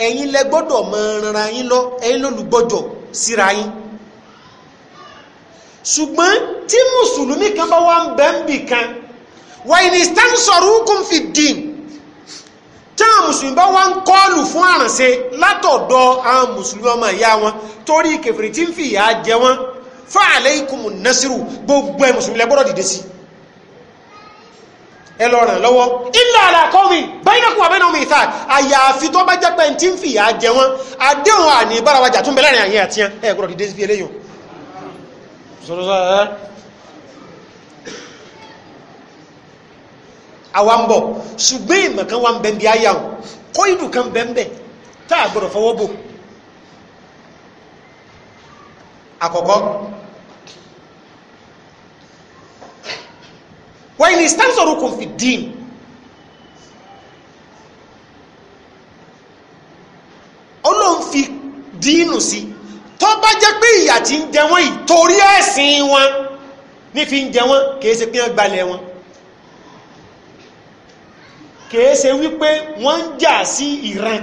ẹ̀yin lẹ gbọ́dọ̀ mọ ara yín lọ ẹ̀yin lọ́lùgbọ́jọ síra yín ṣùgbọ́n tí mùsùlùmí kan bá wà ń bẹ́ ń bì kan wàyí ni stan sọ̀rọ̀ hukum fi dín tí àwọn mùsùlùmí bá wà ń kọ́ọ̀lù fún àrànṣe látọ̀dọ̀ àwọn mùsùlùmí ọmọ ìyá wọn torí kèfèrè tí ń fi ìyà jẹ wọn fa'alaykumun nasiru gbogbo ẹ̀ mùsùlùmí lẹ́gbọ́dọ̀ dìde sí ẹ lọ ràn lọ́wọ́ illa ala qawmin bainakum wa bainahum mithaq àyàfi tó bá jẹ́ pé tí ń fìyà jẹ wọn àdéhùn àní ìbárawájà tún bẹ láàrin àti yẹn dìde sí eléyìí àwa wa in istansorukum fi din Ọlọ́run fi díínù sí tó bá jẹ́ pé ìyà tí ń jẹ wọ́n yìí torí ẹ̀sìn wọn ní fi ń jẹ wọ́n kìí ṣe pé wọ́n gbalẹ̀ wọn kìí ṣe wípé wọ́n ń jà sí ìran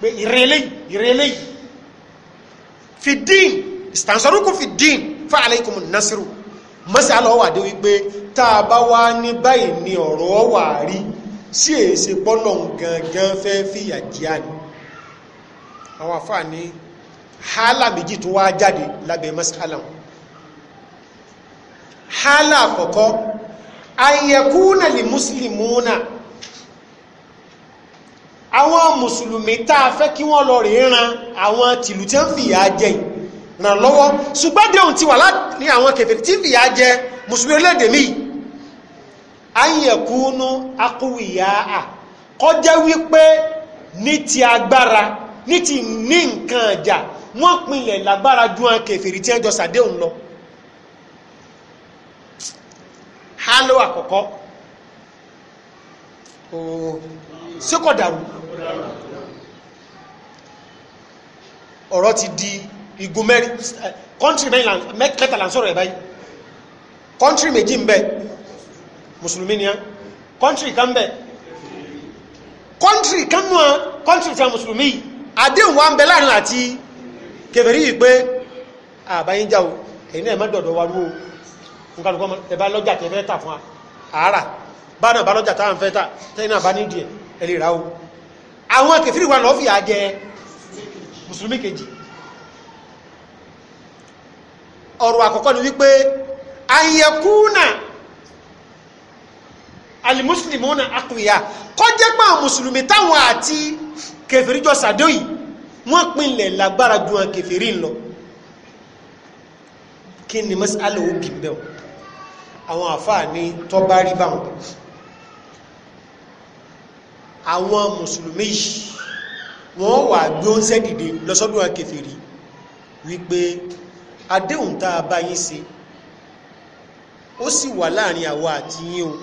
pé ìran eléyìí fi dín istansorukum fi dín fa alaykumun nasiru mọ́sá lọ wà dé wípé tá bá wá ní báyìí ni ọ̀rọ̀ wà rí sí èsè pọ́lọ̀ gangan fẹ́ fìyà jíà ni àwọn àfáà ní hálà méjì tó wá jáde lábẹ́ mọ́sá làwọn hálà àkọ́kọ́ ayẹkúnà lè mùsùlùmúnà àwọn mùsùlùmí tá fẹ́ kí wọ́n lọ rí ran àwọn tìlù tí wọ́n fìyà jẹ yìí ràn lọ́wọ́ ṣùgbọ́n déhùn ti wà láti àwọn kèfèrí tí fìyà jẹ mùsùlùmí orílẹ̀-èdè mi ayẹ̀kúnú akúwìyà à kọjá wípé ní ti agbára ní ti ní nǹkan ọjà wọ́n pinlẹ̀ lágbára ju àwọn kèfèrí tí wọ́n jọ sàdéhùn lọ hálò àkọ́kọ́ ooo síkọ̀dàrú ọ̀rọ̀ ti di igun mẹ́rin kọ́ntì mẹ́tàlá sọ̀rọ̀ ẹ̀ báyìí kọ́ntì méjì ń bẹ mùsùlùmí ni á kọ́ntì kan bẹ kọ́ntì kan nù á kọ́ntì tí a mùsùlùmí yìí àdéhùn wa ń bẹ láàrin àti kèfèrí yìí pé àbáyín já o ẹ̀yin náà ẹ̀ má dọ̀dọ̀ wa rú o nǹkan lùkọ́ ẹ bá lọ́jà tẹ fẹ́ tà fún wa àárà bá náà bá lọ́jà táwọn fẹ́ tà tẹ́yìn náà bá nídìí ẹ̀ lè ra o àwọn kèfèrí wa lọ́ọ́ fìyà jẹ mùsùlùmí kejì ọ̀rọ̀ àkọ́kọ́ ni wípé ayẹkúnà alimuslimuna akuya kọjẹ́ pé àwọn mùsùlùmí táwọn àti kẹfìrí jọ sàdó yìí wọ́n pinlẹ̀ lágbára ju àwọn kẹfìrí lọ kí ni mọ́sálà ó bì bẹ́ẹ̀ àwọn àfáà ní tọ́ba rí báwọn àwọn mùsùlùmí yìí wọ́n wà gbóńsẹ́ dìde lọ́sọ́dún àwọn wípé àdéhùn tá a bá yín ṣe ó sì wà láàrin àwa àti yín o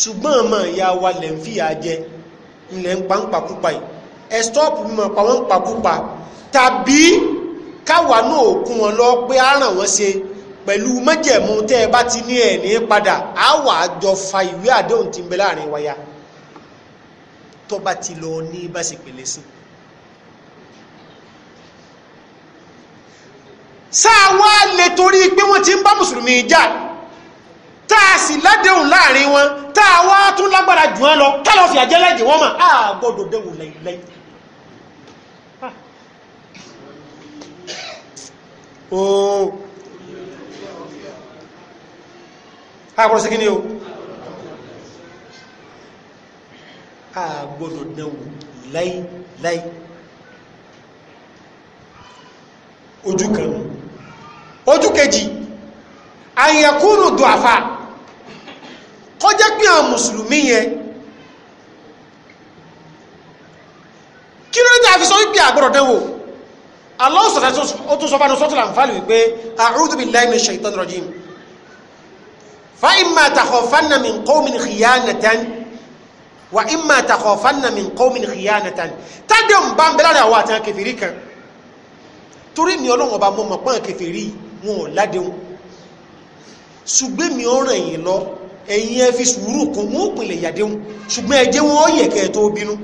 ṣùgbọ́n àmọ́ ìyá wa lẹ̀ ń fìyà jẹ ńlẹ̀ ń pa ń pakúpa yìí stọ́ọ̀pù mímọ̀ pa wọ́n ń pakúpa tàbí káwa náà kún wọn lọ pé á ràn wọ́n ṣe pẹ̀lú májẹ̀mú tẹ́ ẹ bá ti ní ẹ̀ ní padà á wà á jọ fa ìwé àdéhùn tí ń bẹ láàrin wa tó bá ti lọ ní bá ṣe pèlè sí i. sáwọn alẹ́ torí pé wọ́n ti ń bá mùsùlùmí jà tá a sì ládéhùn láàrin wọn tá a wá tún lágbára jù wọn lọ kálọ̀ fìyà jẹ́ lẹ́jẹ̀ wọ́n mà á gbọ́dọ̀ déwò lẹ́yìn. ojú kan ojú kejì àyẹ̀kúrù dùàfà kọjá pé àwọn mùsùlùmí yẹn kí ló dé àfisọ́ wípé àgbọ̀rọ̀ dẹ́wò Allah ó tún sọ fánú sọ́tún àǹfààní wípé a'udhu billahi minash shaitanir rajim fa torí mi ọlọ́wọ̀n ọba mọ́ mọ̀ pọ́n akẹfẹ̀rí yìí wọn ò ládéhùn ṣùgbẹ́ mi ó lọ ẹ̀yin ẹ fi sùúrù kún wọn ò pìnlẹ̀ yàdéhùn ṣùgbọ́n ẹ wọn ó yẹ tó bínú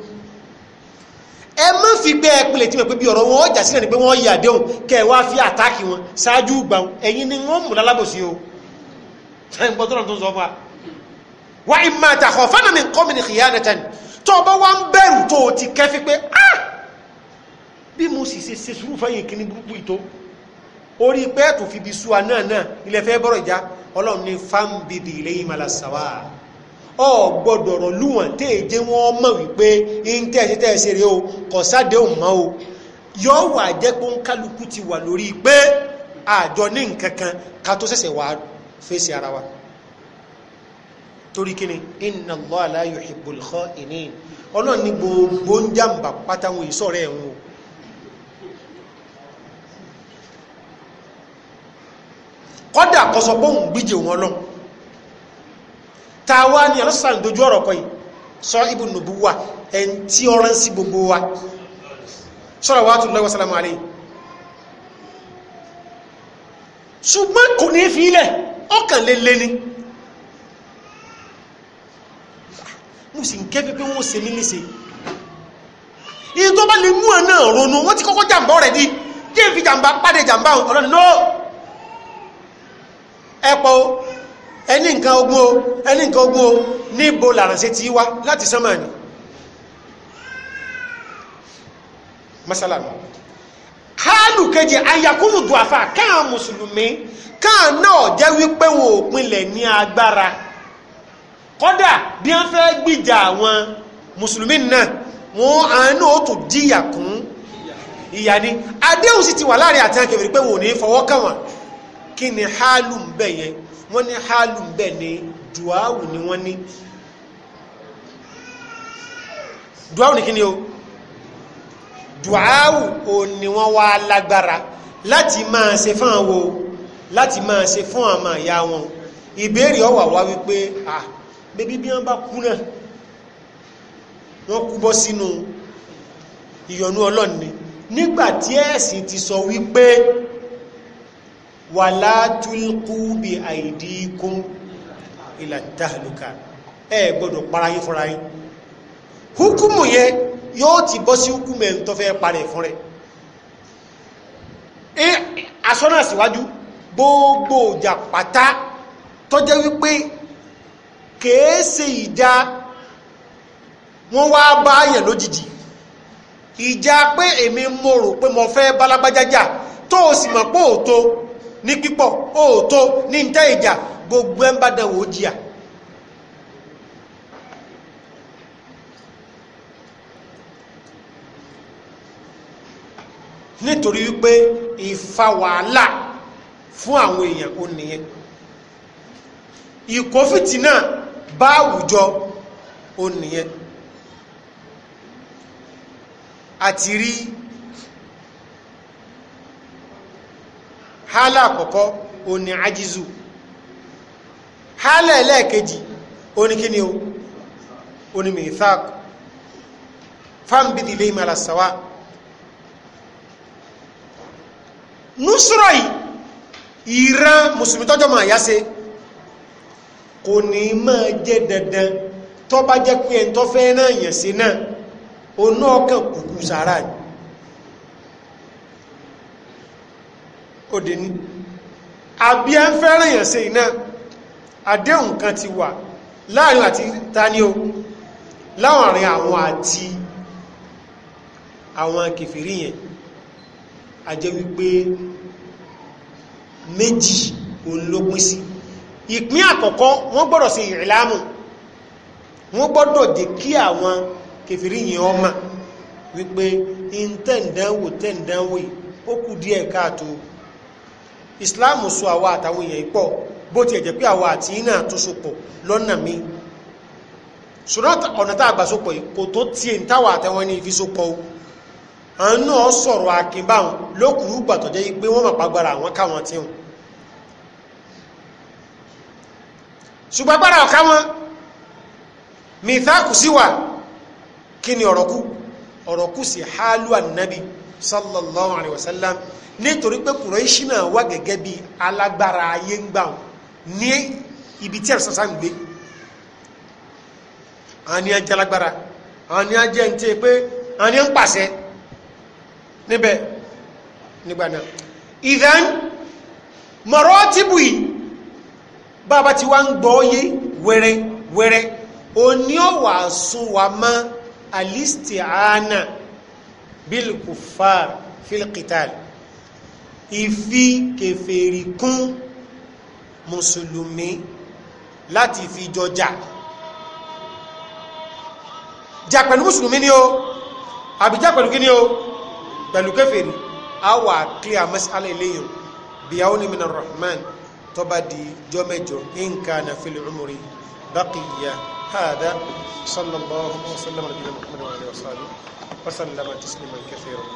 ẹ má fi pé ẹ tí mo pé bí ọ̀rọ̀ wọn ó jà sílẹ̀ ni pé wọ́n yẹ àdéhùn kẹ́ ẹ wá fi àtáàkì wọn ṣáájú gbà wọn ẹ̀yin ni wọ́n mú lálábòsí o ṣáà ń gbọ́ wa wà ìmọ̀ mi kọ́ mi ní kìyà nẹ́tẹ̀ ni tó ah bí mo sì ṣe ṣe sùúrù fẹ́yìn kíní burúkú yìí tó orí pẹ́ẹ̀tù fi bí súwa náà náà ilẹ̀ fẹ́ bọ́rọ̀ ìjà ọlọ́run ní fáńbìdì ilé ìmàlà sàwà ọ gbọ́dọ̀ ọ̀rọ̀ lúwọ̀n tẹ́ ẹ jẹ́ wọ́n mọ̀ wípé ń tẹ́ ẹ tẹ́ ẹ ṣeré o kọ̀ sáde ò mọ́ o yọ wà jẹ́ pé ń kálukú ti wà lórí pé àjọ ní nǹkan kan ká tó ṣẹ̀ṣẹ̀ wà fèsì ara wa torí kí ni inna Allah la yuhibbul kha'inin ọlọ́run ní gbogbo ń jàǹbá pátáwọn ìsọ̀rẹ́ ẹ̀hún o kọ́dà kọsọ pé òun gbíje wọn lọ tàwa ni alásàn dojú ọ̀rọ̀ kọ́ yìí sọ ibù nùbú wa ẹn tí ọ rán sí gbogbo wa sọ́rọ̀ wa tún lọ́wọ́ sálámù alẹ́ ṣùgbọ́n kò ní fi ilẹ̀ ọkàn lè lé ni mo sì ń ké pé wọ́n ṣe mí níṣe iye tó bá lè mú ẹ náà ronú wọ́n ti kọ́kọ́ jàǹbá ọ̀rẹ́ di jẹ́ ìfi jàǹbá pàdé jàǹbá ọ̀rẹ́ náà ẹ̀pọ̀ o ẹni nǹkan ogún o ẹni nǹkan ogún o níbo làránṣẹ́ ti wá láti sánmà ni masalama hálù kejì ayakumu duafa káà mùsùlùmí káà náà jẹ́ wípé wọn ò pinlẹ̀ ní agbára kódà bí wọ́n fẹ́ gbìjà àwọn mùsùlùmí náà wọn àánú ó tún díyà kún ìyà ni adéhùn sì ti wà láàrin àti akẹ́wìrì pé wọn ò ní fọwọ́ kàn wọ́n kí ni hálù ń bẹ̀ yẹn wọ́n ní hálù ń bẹ̀ ní dùáwù ni wọ́n ní dùáwù ni kí ni o dùáwù o ni wọ́n wá lágbára láti máa ṣe fún àwọn o láti máa ṣe fún àmà ìyá wọn ìbéèrè ọwà wá wípé ah bébí bí wọ́n bá kú náà wọ́n kú bọ́ sínú ìyọnú ọlọ́ni nígbàtí ẹ̀sìn ti sọ wípé. So wala tulqu bi aydikum ila tahluka ẹ gbọ́dọ̀ para yín fúnra yín hukumu yẹ yóò ti bọ́ sí hukumu ẹ̀ ń tọ́fẹ́ parẹ̀ fún rẹ̀ ẹ asọ́nà síwájú gbogbo ìjà pátá tọ́jẹ́ wípé kèése ìjà wọ́n wá báyàn lójijì ìjà pé èmi mo pé mo fẹ́ bálágbájájà tó o sì mọ̀ pé òótọ́ ní pípọ̀ òótọ́ ní tẹ́ ìjà gbogbo ẹ̀ ń bá dẹ̀wò ó jìyà. nítorí wípé ìfa wàhálà fún àwọn èèyàn ó nìyẹn ìkófìtì náà bá àwùjọ ó nìyẹn àti rí hálà àkọ́kọ́ òní ajizu hálà ẹlẹ́ẹ̀kejì òní kíni o òní mìíthaq fáńbìdì lẹ́yìn malasawa nusrọ̀ yìí ìran mùsùlùmí tọ́jọ́ máa yá se kò ní máa jẹ́ dandan tó jẹ́ pé ẹ̀ náà yẹ̀ sí náà onú ọkàn kùkù sàárà ni òde ní àbí ẹ ń fẹ́ràn èèyàn ṣe iná àdéhùn kan ti wà láàrin àti tani o láàrin àwọn àti àwọn kèfèrí yẹn a jẹ́ wípé méjì òun ló pín sí ìpín àkọ́kọ́ wọ́n gbọ́dọ̀ sí ìrìlámù wọ́n gbọ́dọ̀ dé kí àwọn kèfèrí yẹn ọmọ wípé in tẹ́ǹdánwò tẹ́ǹdánwò ó kù díẹ̀ káàtó islam sọ àwa àtàwọn èèyàn pọ̀ bó ti ẹ̀jẹ̀ pé àwa àti iná tó sopọ̀ lọ́nà mi ṣùgbọ́n ọ̀nà tá àgbà sopọ̀ kò tó tiẹ̀ ń táwà àtàwọn ẹni fi sopọ̀ o àánú ọ sọ̀rọ̀ akínbáhùn lókùrú gbàtọ̀jẹ́ pé wọ́n mọ̀ pàgbára àwọn káwọn tí wọn ṣùgbọ́n agbára ọ̀ká sallallahu alaihi wasallam nítorí pé kùrẹ́ṣì náà wà gẹ́gẹ́ bí alágbára ayé ń gbà wọn ní ibi tí ẹ̀sán sáà ń gbé àwọn ni ajẹ́ alágbára àwọn ni ajẹ́ ń tẹ́ pé àwọn ni ń pàṣẹ níbẹ̀ nígbà náà ìdán mọ̀rọ́ ti bù yìí bàbá wá ń gbọ́ yé wẹ́rẹ́ wẹ́rẹ́ òní ọ̀wà sún wa mọ́ alistiana bilkufar filkital. Bil ìfi kèfèrí kún mùsùlùmí láti fi jọjà jà pẹ̀lú mùsùlùmí ni o àbí jà pẹ̀lú kíni o pẹ̀lú kèfèrí a wà clear mas'ala eléyìn bíyàwó ni mina rahman tó di jọmẹjọ in kana fil umri baqiya هذا صلى الله وسلم على نبينا محمد تسليما كثيرا